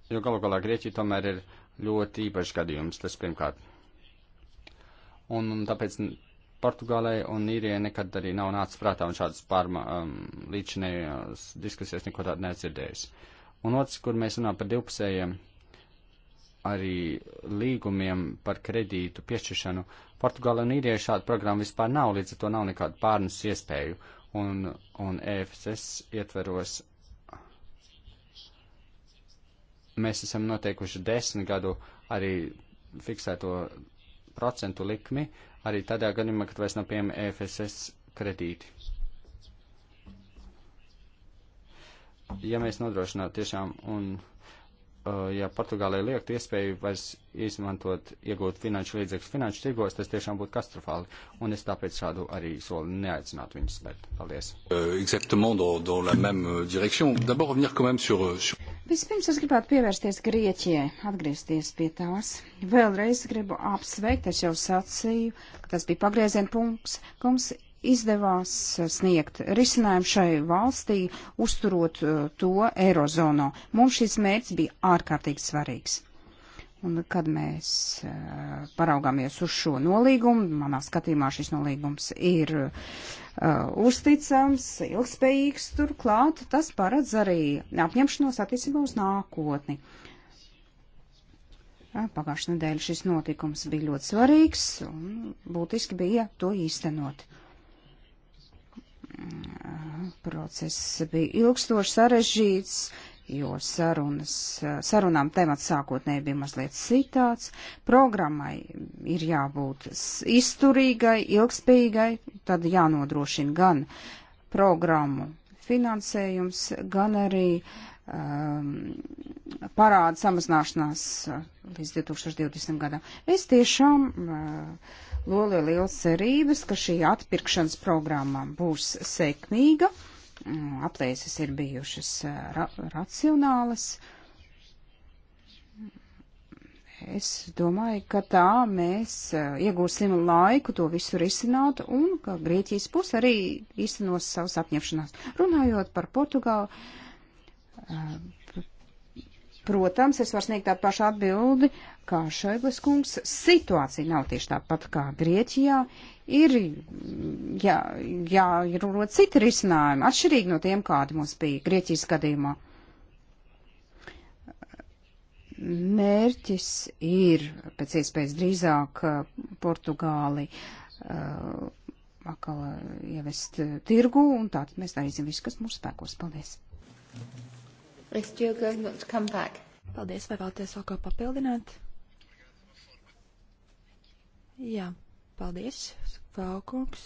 Jo galu galā Grieķija tomēr ir ļoti īpašs gadījums, tas pirmkārt. Un, un tāpēc Portugālei un Īrijai nekad arī nav nācis prātā un šādas pārma, um, līdzinējās diskusijas neko tādu nedzirdējis. Un otrs, kur mēs runājam par divpusējiem arī līgumiem par kredītu piešķiršanu, Portugāla un Īrijai šāda programma vispār nav, līdz ar to nav nekādu pārnes iespēju. Un, un EFSS ietveros mēs esam noteikuši desmit gadu arī fiksēto procentu likmi arī tādā gadījumā, kad vairs nav pieejami EFSS kredīti. Ja mēs nodrošinātu tiešām un uh, ja Portugālei liektu iespēju vairs izmantot, iegūt finanšu līdzekļus finanšu tirgos, tas tiešām būtu katastrofāli. Un es tāpēc šādu arī soli neaicinātu viņus spērt. Paldies. Uh, Vispirms es gribētu pievērsties Grieķijai, atgriezties pie tās. Vēlreiz gribu apsveikt, es jau sacīju, ka tas bija pagrieziena punkts, ka mums izdevās sniegt risinājumu šai valstī, uzturot uh, to eirozonā. Mums šis mērķis bija ārkārtīgi svarīgs. Un kad mēs eh, paraugāmies uz šo nolīgumu, manā skatījumā šis nolīgums ir uh, uzticams, ilgspējīgs turklāt, tas paredz arī apņemšanos attiecībā uz nākotni. Eh, pagājušā nedēļa šis notikums bija ļoti svarīgs un būtiski bija to īstenot. Mm, process bija ilgstoši sarežģīts, uh, jo sarunas, eh, sarunām temats sākotnēji bija mazliet citāds. Programmai ir jābūt izturīgai, ilgspējīgai, tad jānodrošina gan programmu finansējums, gan arī um, parāda samazināšanās eh, līdz 2020. gadam. Es tiešām uh, eh, lolu liels cerības, ka šī atpirkšanas programma būs sekmīga. Uh, Mm, aplēses ir bijušas ra racionālas. Es domāju, ka tā mēs iegūsim laiku to visu risināt un ka Grieķijas puse arī īstenos savus apņemšanās. Runājot par Portugālu, protams, es varu sniegt tādu pašu atbildi, kā Šaiglis kungs. Situācija nav tieši tāpat kā Grieķijā, ir jā, jārunot citi risinājumi, atšķirīgi no tiem, kādi mums bija Grieķijas gadījumā. Mērķis ir pēc iespējas drīzāk uh, Portugāli uh, atkal uh, ievest uh, tirgu, un tātad mēs darīsim visu, kas mūsu spēkos. Paldies! Paldies, vai vēlaties vēl ko papildināt? Jā, Paldies, Falkungs.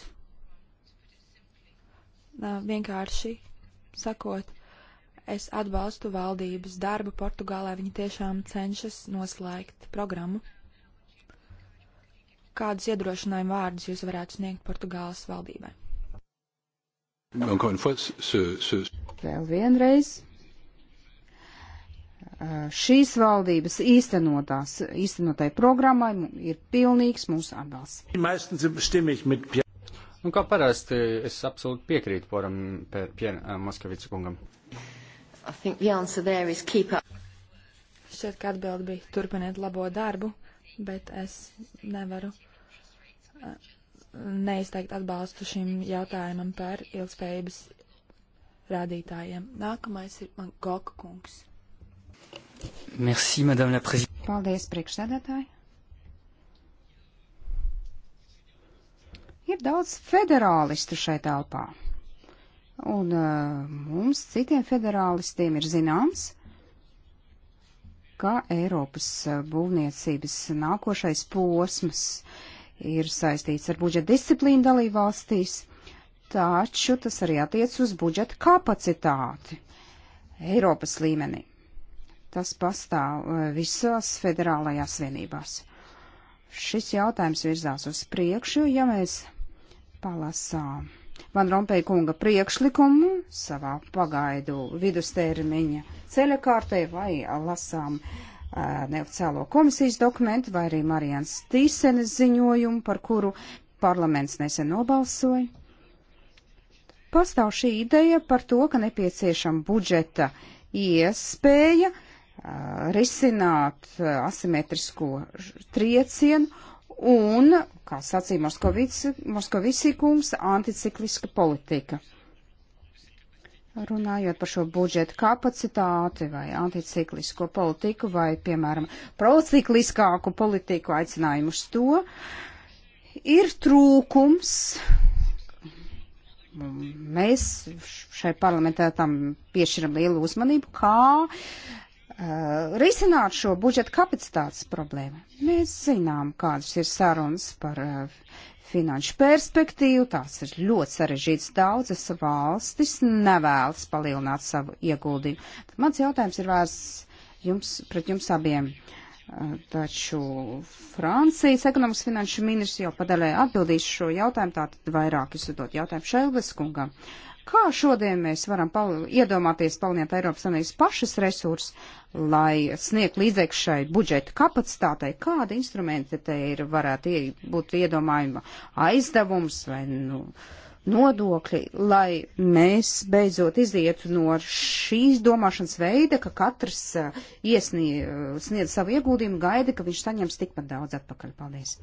Vienkārši sakot, es atbalstu valdības darbu Portugālē. Viņi tiešām cenšas noslēgt programmu. Kādus iedrošinājumu vārdus jūs varētu sniegt Portugāles valdībai? Vēl vienreiz Eh, šīs valdības īstenotās, īstenotai programmai ir pilnīgs mūsu atbalsts. Nu, kā parasti, es absolūti piekrītu poram pie, pie eh, Moskavicu kungam. Šķiet, ka atbildi bija turpiniet labo darbu, bet es nevaru eh, neizteikt atbalstu šim jautājumam par ilgspējības rādītājiem. Nākamais ir man Goka kungs. Merci, Madame la Prezidente. Paldies, priekšsēdētāji. Ir daudz federālistu šeit telpā. Un uh, mums citiem federālistiem ir zināms, ka Eiropas uh, būvniecības nākošais posms ir saistīts ar budžeta disciplīnu dalībvalstīs, taču tas arī attiec uz budžeta kapacitāti Eiropas līmenī. Tas pastāv e, visās federālajās vienībās. Šis jautājums virzās uz priekšu, ja mēs palasām Van Rompēja kunga priekšlikumu savā pagaidu vidustermiņa ceļa kārtē vai lasām uh, neoficiālo komisijas dokumentu vai arī Marijans Tīsenes ziņojumu, par kuru parlaments nesen nobalsoja. Pastāv šī ideja par to, ka nepieciešama budžeta iespēja uh, risināt asimetrisko triecienu un, kā sacīja Moskovici kungs, anticikliska politika. Runājot par šo budžeta kapacitāti vai anticiklisko politiku vai, piemēram, procikliskāku politiku aicinājumu uz to, ir trūkums. Mēs šai parlamentā tam piešķiram lielu uzmanību, kā uh, uh, risināt šo budžeta kapacitātes problēmu. Mēs zinām, kādas ir sarunas par uh, finanšu perspektīvu, tās ir ļoti sarežģītas. Daudzas valstis nevēlas palielināt savu ieguldījumu. Tad mans jautājums ir vērsts jums, pret jums abiem. Uh, taču Francijas ekonomikas finanšu ministrs jau padaļai atbildīs šo jautājumu, tātad vairāk jūs dot jautājumu Šelbes kungam. Uh, Kā šodien mēs varam pal iedomāties palniet Eiropas Savienības pašas resursus, lai sniegt līdzekļu šai budžeta kapacitātei? Kādi instrumenti te ir varētu ie būt iedomājuma aizdevums vai nu, nodokļi, lai mēs beidzot izietu no šīs domāšanas veida, ka katrs uh, iesniedz savu ieguldījumu, gaida, ka viņš saņems tikpat daudz atpakaļ. Paldies!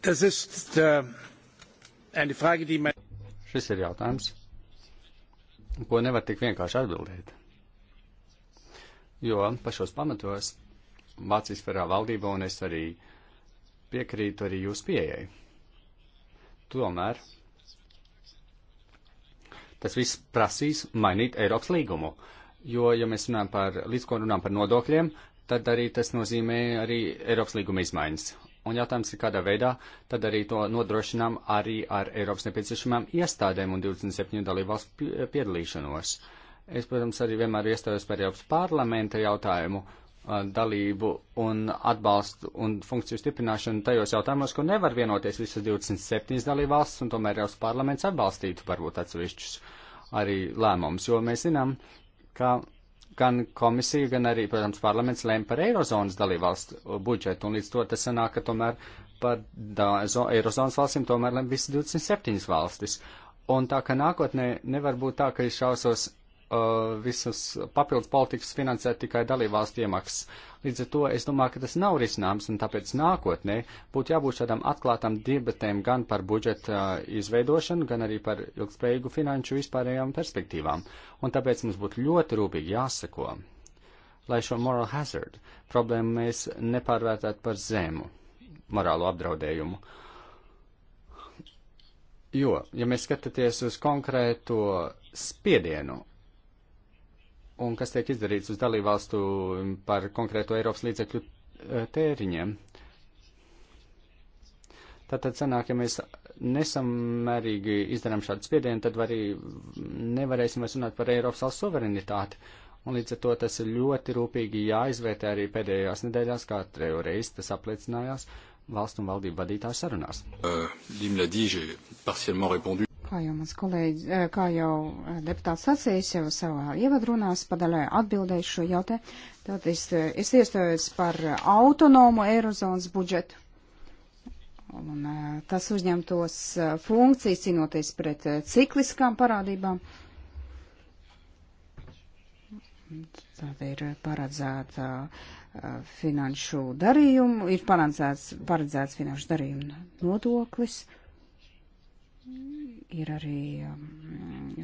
Tas ist uh, eine Frage, die man. Šis ir jautājums, ko nevar tik vienkārši atbildēt. Jo pašos pamatos Vācijas ferā valdība un es arī piekrītu arī jūsu pieejai. Tomēr tas viss prasīs mainīt Eiropas līgumu. Jo, ja mēs runājam par, līdz ko runājam par nodokļiem, tad arī tas nozīmē arī Eiropas līguma izmaiņas. Un jautājums ir, kādā veidā tad arī to nodrošinām arī ar Eiropas nepieciešamām iestādēm un 27 dalībvalstu piedalīšanos. Es, protams, arī vienmēr iestājos par Eiropas parlamenta jautājumu dalību un atbalstu un funkciju stiprināšanu tajos jautājumos, kur nevar vienoties visas 27 dalībvalstis, un tomēr Eiropas parlaments atbalstītu varbūt atsevišķus arī lēmumus, jo mēs zinām, ka gan komisija, gan arī, protams, parlaments lēma par Eirozonas dalībvalstu budžetu, un līdz to tas sanāk, ka tomēr par da, zo, Eirozonas valstīm tomēr lēma visas 27 valstis. Un tā, ka nākotnē nevar būt tā, ka es šausos uh, visus papildus politikas finansēt tikai dalībvalstu iemaksas. Līdz ar to es domāju, ka tas nav risinājums, un tāpēc nākotnē būtu jābūt šādām atklātām debatēm gan par budžeta uh, izveidošanu, gan arī par ilgspējīgu finanšu vispārējām perspektīvām. Un tāpēc mums būtu ļoti rūpīgi jāsako, lai šo moral hazard problēmu mēs nepārvērtētu par zemu morālo apdraudējumu. Jo, ja mēs skatāties uz konkrēto spiedienu, un kas tiek izdarīts uz dalībvalstu par konkrēto Eiropas līdzekļu eh, tēriņiem. Tātad sanāk, ja mēs nesamērīgi izdarām šādu spiedienu, tad arī nevarēsim vairs runāt par Eiropas valsts suverenitāti. Un līdz ar to tas ir ļoti rūpīgi jāizvērtē arī pēdējās nedēļās, kā trejo reizi tas apliecinājās valstu un valdību vadītāju sarunās. Uh, Kā jau mans kolēģis, eh, kā jau eh, deputāts sacījis jau savā ievadrunās, padaļai atbildējuši šo jautājumu, tad es, eh, es iestājos par autonomu Eirozonas budžetu. Un tas uzņemtos funkcijas cīnoties pret cikliskām parādībām. Tad ir paredzēta finanšu darījumu, ir paredzēts, paredzēts finanšu darījumu nodoklis ir arī um,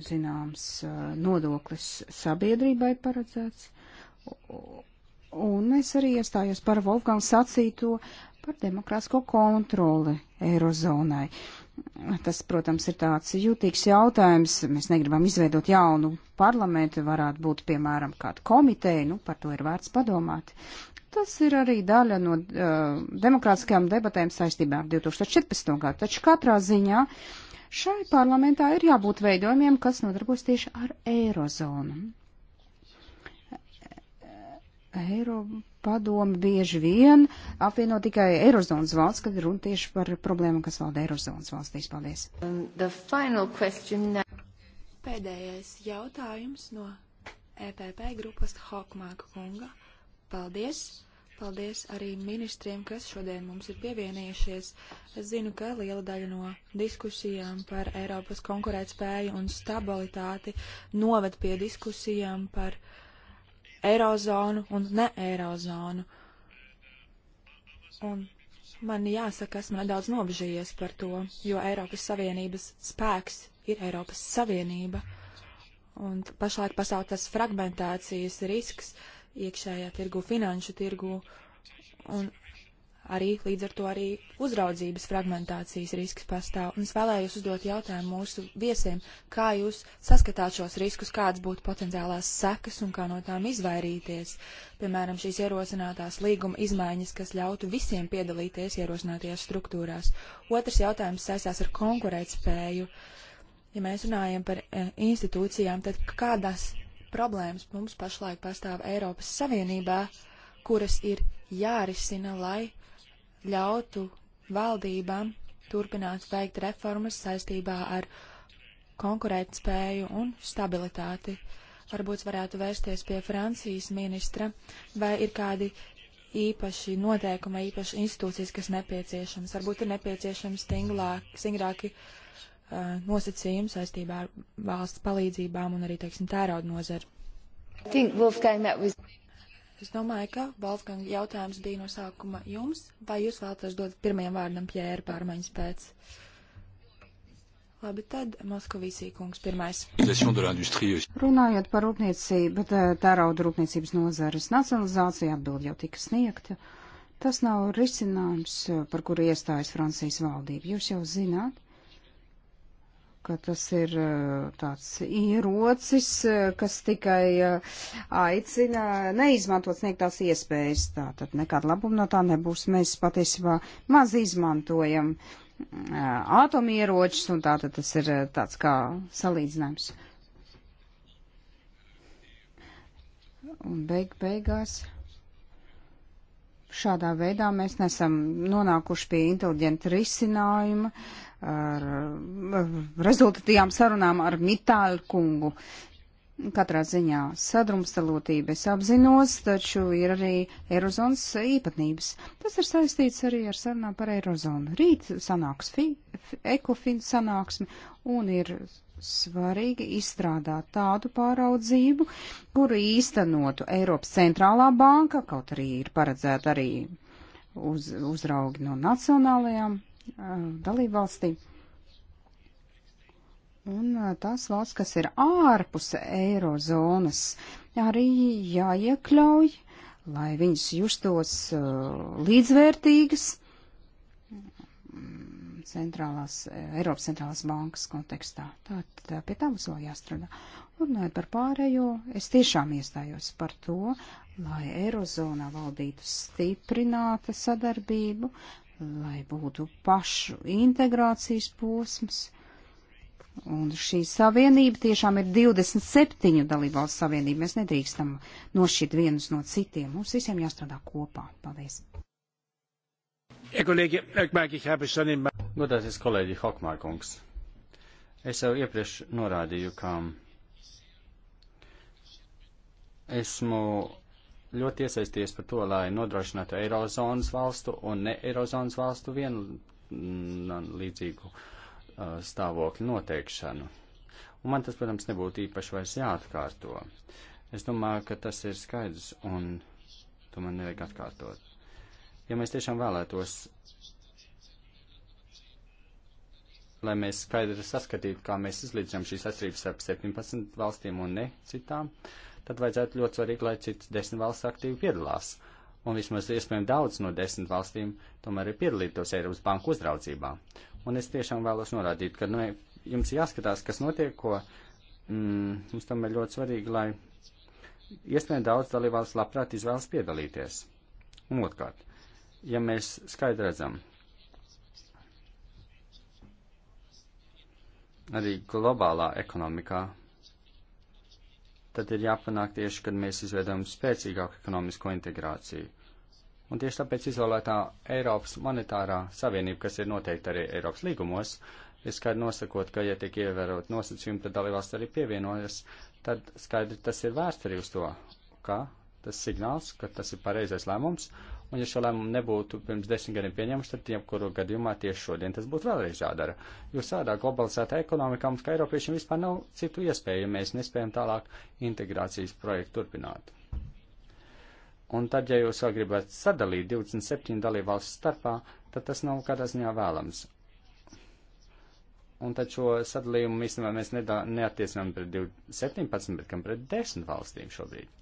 zināms uh, nodoklis sabiedrībai paredzēts. Un es arī iestājos par Wolfgang sacīto par demokrātisko kontroli Eirozonai. Tas, protams, ir tāds jūtīgs jautājums. Mēs negribam izveidot jaunu parlamentu, varētu būt, piemēram, kāda komiteja, nu, par to ir vērts padomāt. Tas ir arī daļa no uh, demokrātiskajām debatēm saistībā ar 2014. gadu. Taču katrā ziņā uh, Šai parlamentā ir jābūt veidojumiem, kas nodarbojas tieši ar eirozonu. Eiropadoma bieži vien apvieno tikai Eirozonas valsts, kad runa tieši par problēmu, kas valda Eirozonas valstīs. Paldies. Um, Pēdējais jautājums no EPP grupas Hokmāka kunga. Paldies. Paldies arī ministriem, kas šodien mums ir pievienījušies. Es zinu, ka liela daļa no diskusijām par Eiropas konkurētspēju un stabilitāti noved pie diskusijām par Eirozonu un ne Eirozonu. Un man jāsaka, esmu nedaudz nobežījies par to, jo Eiropas Savienības spēks ir Eiropas Savienība. Un pašlaik pasaules fragmentācijas risks. Uh, iekšējā tirgu, finanšu tirgu, un arī līdz ar to arī uzraudzības fragmentācijas risks pastāv. Un es vēlējos uzdot jautājumu mūsu viesiem, kā jūs saskatāt šos riskus, kādas būtu potenciālās sekas un kā no tām izvairīties. Piemēram, šīs ierosinātās līguma izmaiņas, kas ļautu visiem piedalīties ierosinātajās struktūrās. Otrs jautājums saistās ar konkurētspēju. Ja mēs runājam par e, institūcijām, tad kādas problēmas mums pašlaik pastāv Eiropas Savienībā, kuras ir jārisina, lai ļautu valdībām turpināt veikt reformas saistībā ar konkurētspēju un stabilitāti. Varbūt varētu vērsties pie Francijas ministra, vai ir kādi īpaši noteikumi, īpaši institūcijas, kas nepieciešams. Varbūt ir nepieciešams stinglāk, stingrāki nosacījumi saistībā ar valsts palīdzībām un arī, teiksim, tērauda nozaru. Was... Es domāju, ka Wolfgang jautājums bija no sākuma jums, vai jūs vēlaties dot pirmajam vārdam Pjēra pārmaiņas pēc? Labi, tad Moskavīsī kungs pirmais. Runājot par rūpniecību, tērauda rūpniecības nozares nacionalizācija atbild jau tika sniegta. Tas nav risinājums, par kuru iestājas Francijas valdība. Jūs jau zināt, ka tas ir e, tāds ierocis, e, kas tikai e, aicina neizmantot sniegtās iespējas. Tātad nekāda labuma no tā nebūs. Mēs patiesībā maz izmantojam atomieročus, un tātad tas ir tāds kā salīdzinājums. Un beig beigās šādā veidā mēs nesam nonākuši pie inteliģenta risinājuma. Uh, ar rezultatīvām sarunām ar Mitāļu kungu. Katrā ziņā sadrumstalotība es apzinos, taču ir arī Eirozonas īpatnības. Tas ir saistīts arī ar sarunām par Eirozonu. Rīt sanāks fi, fi, ekofin sanāksme un ir svarīgi izstrādāt tādu pāraudzību, kuru īstenotu Eiropas centrālā banka, kaut arī ir paredzēta arī uz, uzraugi no nacionālajām dalībvalstī. Un tās valsts, kas ir ārpus eirozonas, arī jāiekļauj, lai viņas justos līdzvērtīgas centrālās, Eiropas centrālās bankas kontekstā. Tātad pie tā mums vēl jāstrādā. Runājot par pārējo, es tiešām iestājos par to, lai Eirozonā valdītu stiprināta sadarbību, lai būtu pašu integrācijas posms. Un šī savienība tiešām ir 27 dalībvalstu savienība. Mēs nedrīkstam nošķirt vienus no citiem. Mums visiem jāstrādā kopā. Paldies. Godāties kolēģi Hokmārkungs. Es jau iepriekš norādīju, ka esmu ļoti iesaisties par to, lai nodrošinātu Eirozonas valstu un ne Eirozonas valstu vienu mm, līdzīgu uh, stāvokļu noteikšanu. Un man tas, protams, nebūtu īpaši vairs jāatkārto. Es domāju, ka tas ir skaidrs un to man nevajag atkārtot. Ja mēs tiešām vēlētos, lai mēs skaidri saskatītu, kā mēs izlīdzinām šīs atšķirības starp 17 valstīm un ne citām, uh, tad vajadzētu ļoti svarīgi, lai citas desmit valsts aktīvi piedalās. Un vismaz iespējami daudz no desmit valstīm tomēr ir piedalītos Eiropas banku uzraudzībā. Un es tiešām vēlos norādīt, ka nu, jums jāskatās, kas notiek, ko mm, mums tomēr ļoti svarīgi, lai iespējami daudz dalībvalsts labprāt izvēlas piedalīties. Un otrkārt, ja mēs skaidri redzam, arī globālā ekonomikā tad ir jāpanāk tieši, kad mēs izveidojam spēcīgāku ekonomisko integrāciju. Un tieši tāpēc izolētā Eiropas monetārā savienība, kas ir noteikta arī Eiropas līgumos, ir skaidri nosakot, ka, ja tiek ievērot nosacījumi, tad dalībās arī pievienojas, tad skaidri tas ir vērsts arī uz to, ka tas signāls, ka tas ir pareizais lēmums, Un, ja šo lēmumu nebūtu pirms desmit gadiem pieņemts, tad tiem, kuru gadījumā tieši šodien tas būtu vēlreiz jādara. Jo sādā globalizētā ekonomikā mums, kā Eiropiešiem, vispār nav citu iespēju, ja mēs nespējam tālāk integrācijas projektu turpināt. Un tad, ja jūs vēl gribat sadalīt 27 dalībvalstu starpā, tad tas nav kādā ziņā vēlams. Un tad šo sadalījumu īstenībā mēs neatiecinām pret 17, bet gan pret 10 valstīm šobrīd.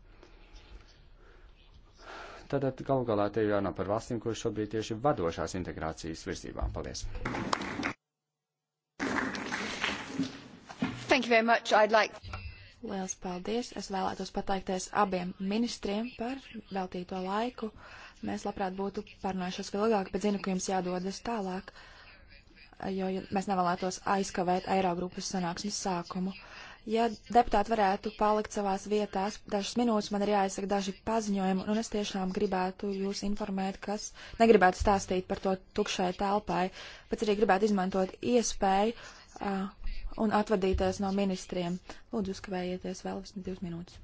Tātad galu galā te ir jārunā par valstīm, kuras šobrīd tieši vadošās integrācijas virzībā. Paldies! Thank you very much. I'd like. Liels paldies! Es vēlētos pateikties abiem ministriem par veltīto laiku. Mēs labprāt būtu parunājušos vēl ilgāk, bet zinu, ka jums jādodas tālāk, jo mēs nevēlētos aizkavēt Eirogrupas sanāksmes sākumu. Ja deputāti varētu palikt savās vietās dažas minūtes, man ir jāizsaka daži paziņojumi, un es tiešām gribētu jūs informēt, kas negribētu stāstīt par to tukšai telpai, bet arī gribētu izmantot iespēju uh, un atvadīties no ministriem. Lūdzu, uzkavējieties vēl vismaz divas minūtes.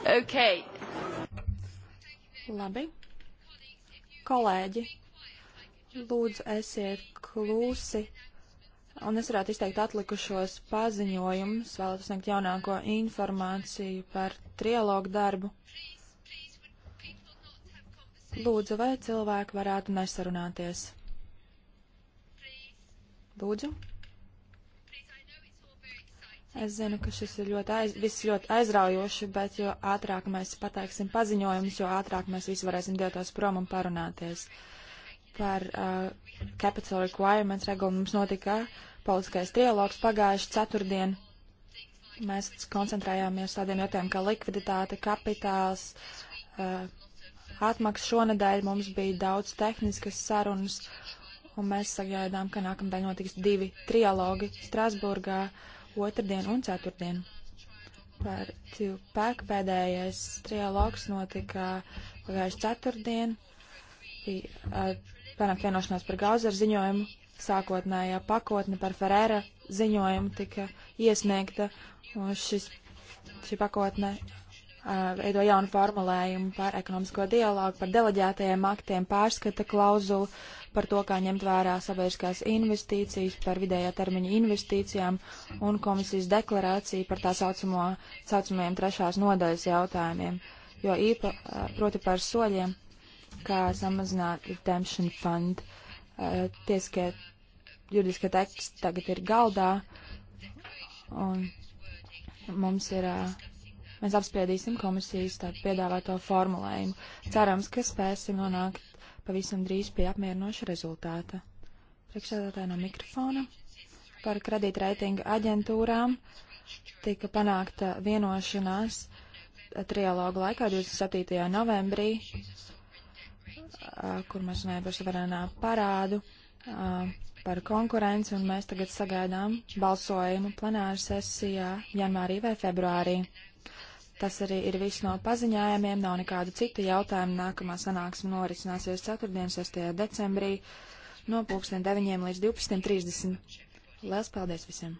Okay. Labi. Kolēģi, lūdzu, esiet klusi. Un es varētu izteikt atlikušos paziņojumus, vēlētu sniegt jaunāko informāciju par trialogu darbu. Lūdzu, vai cilvēki varētu nesarunāties? Lūdzu. Es zinu, ka šis ir ļoti, aiz, viss ļoti aizraujoši, bet jo ātrāk mēs pateiksim paziņojumus, jo ātrāk mēs visi varēsim doties prom un parunāties. Par uh, Capital Requirements regulu mums notika politiskais trialogs pagājuši ceturtdien. Mēs koncentrējāmies tādiem jautājumiem kā likviditāte, kapitāls, uh, atmaks. Šonadēļ mums bija daudz tehniskas sarunas, un mēs sagaidām, ka nākamdēļ notiks divi trialogi Strasburgā. Uh, otrdien un ceturtdien. Par tilpēku pēdējais trialogs notika pagājuši ceturtdien. Eh, panākt vienošanās par Gauzer ziņojumu, sākotnējā pakotne par Ferēra ziņojumu tika iesniegta, un šis, šī pakotne eh, veido jaunu formulējumu par ekonomisko dialogu, par deleģētajiem aktiem, pārskata klauzulu, uh, par to, kā ņemt vērā sabiedriskās investīcijas, par vidējā termiņa investīcijām un komisijas deklarāciju par tā saucamo, saucamajiem trešās nodaļas jautājumiem, jo īpa, proti par soļiem, kā samazināt redemption fund. Tieskie juridiskie teksti tagad ir galdā un mums ir mēs apspriedīsim komisijas piedāvāto formulējumu. Cerams, ka spēsim nonākt pavisam drīz pie apmierinoša rezultāta. Priekšsēdētāji no mikrofona par kredītreitinga aģentūrām tika panākta vienošanās trialogu laikā 27. novembrī, kur mēs runājam par suverēnā parādu, par konkurenci, un mēs tagad sagaidām balsojumu plenāru sesijā janvārī vai februārī. Tas arī ir viss no paziņājumiem, nav nekādu citu jautājumu. Nākamā sanāksme norisināsies ceturtdien, 6. decembrī no 9. līdz 12.30. Lielas paldies visiem!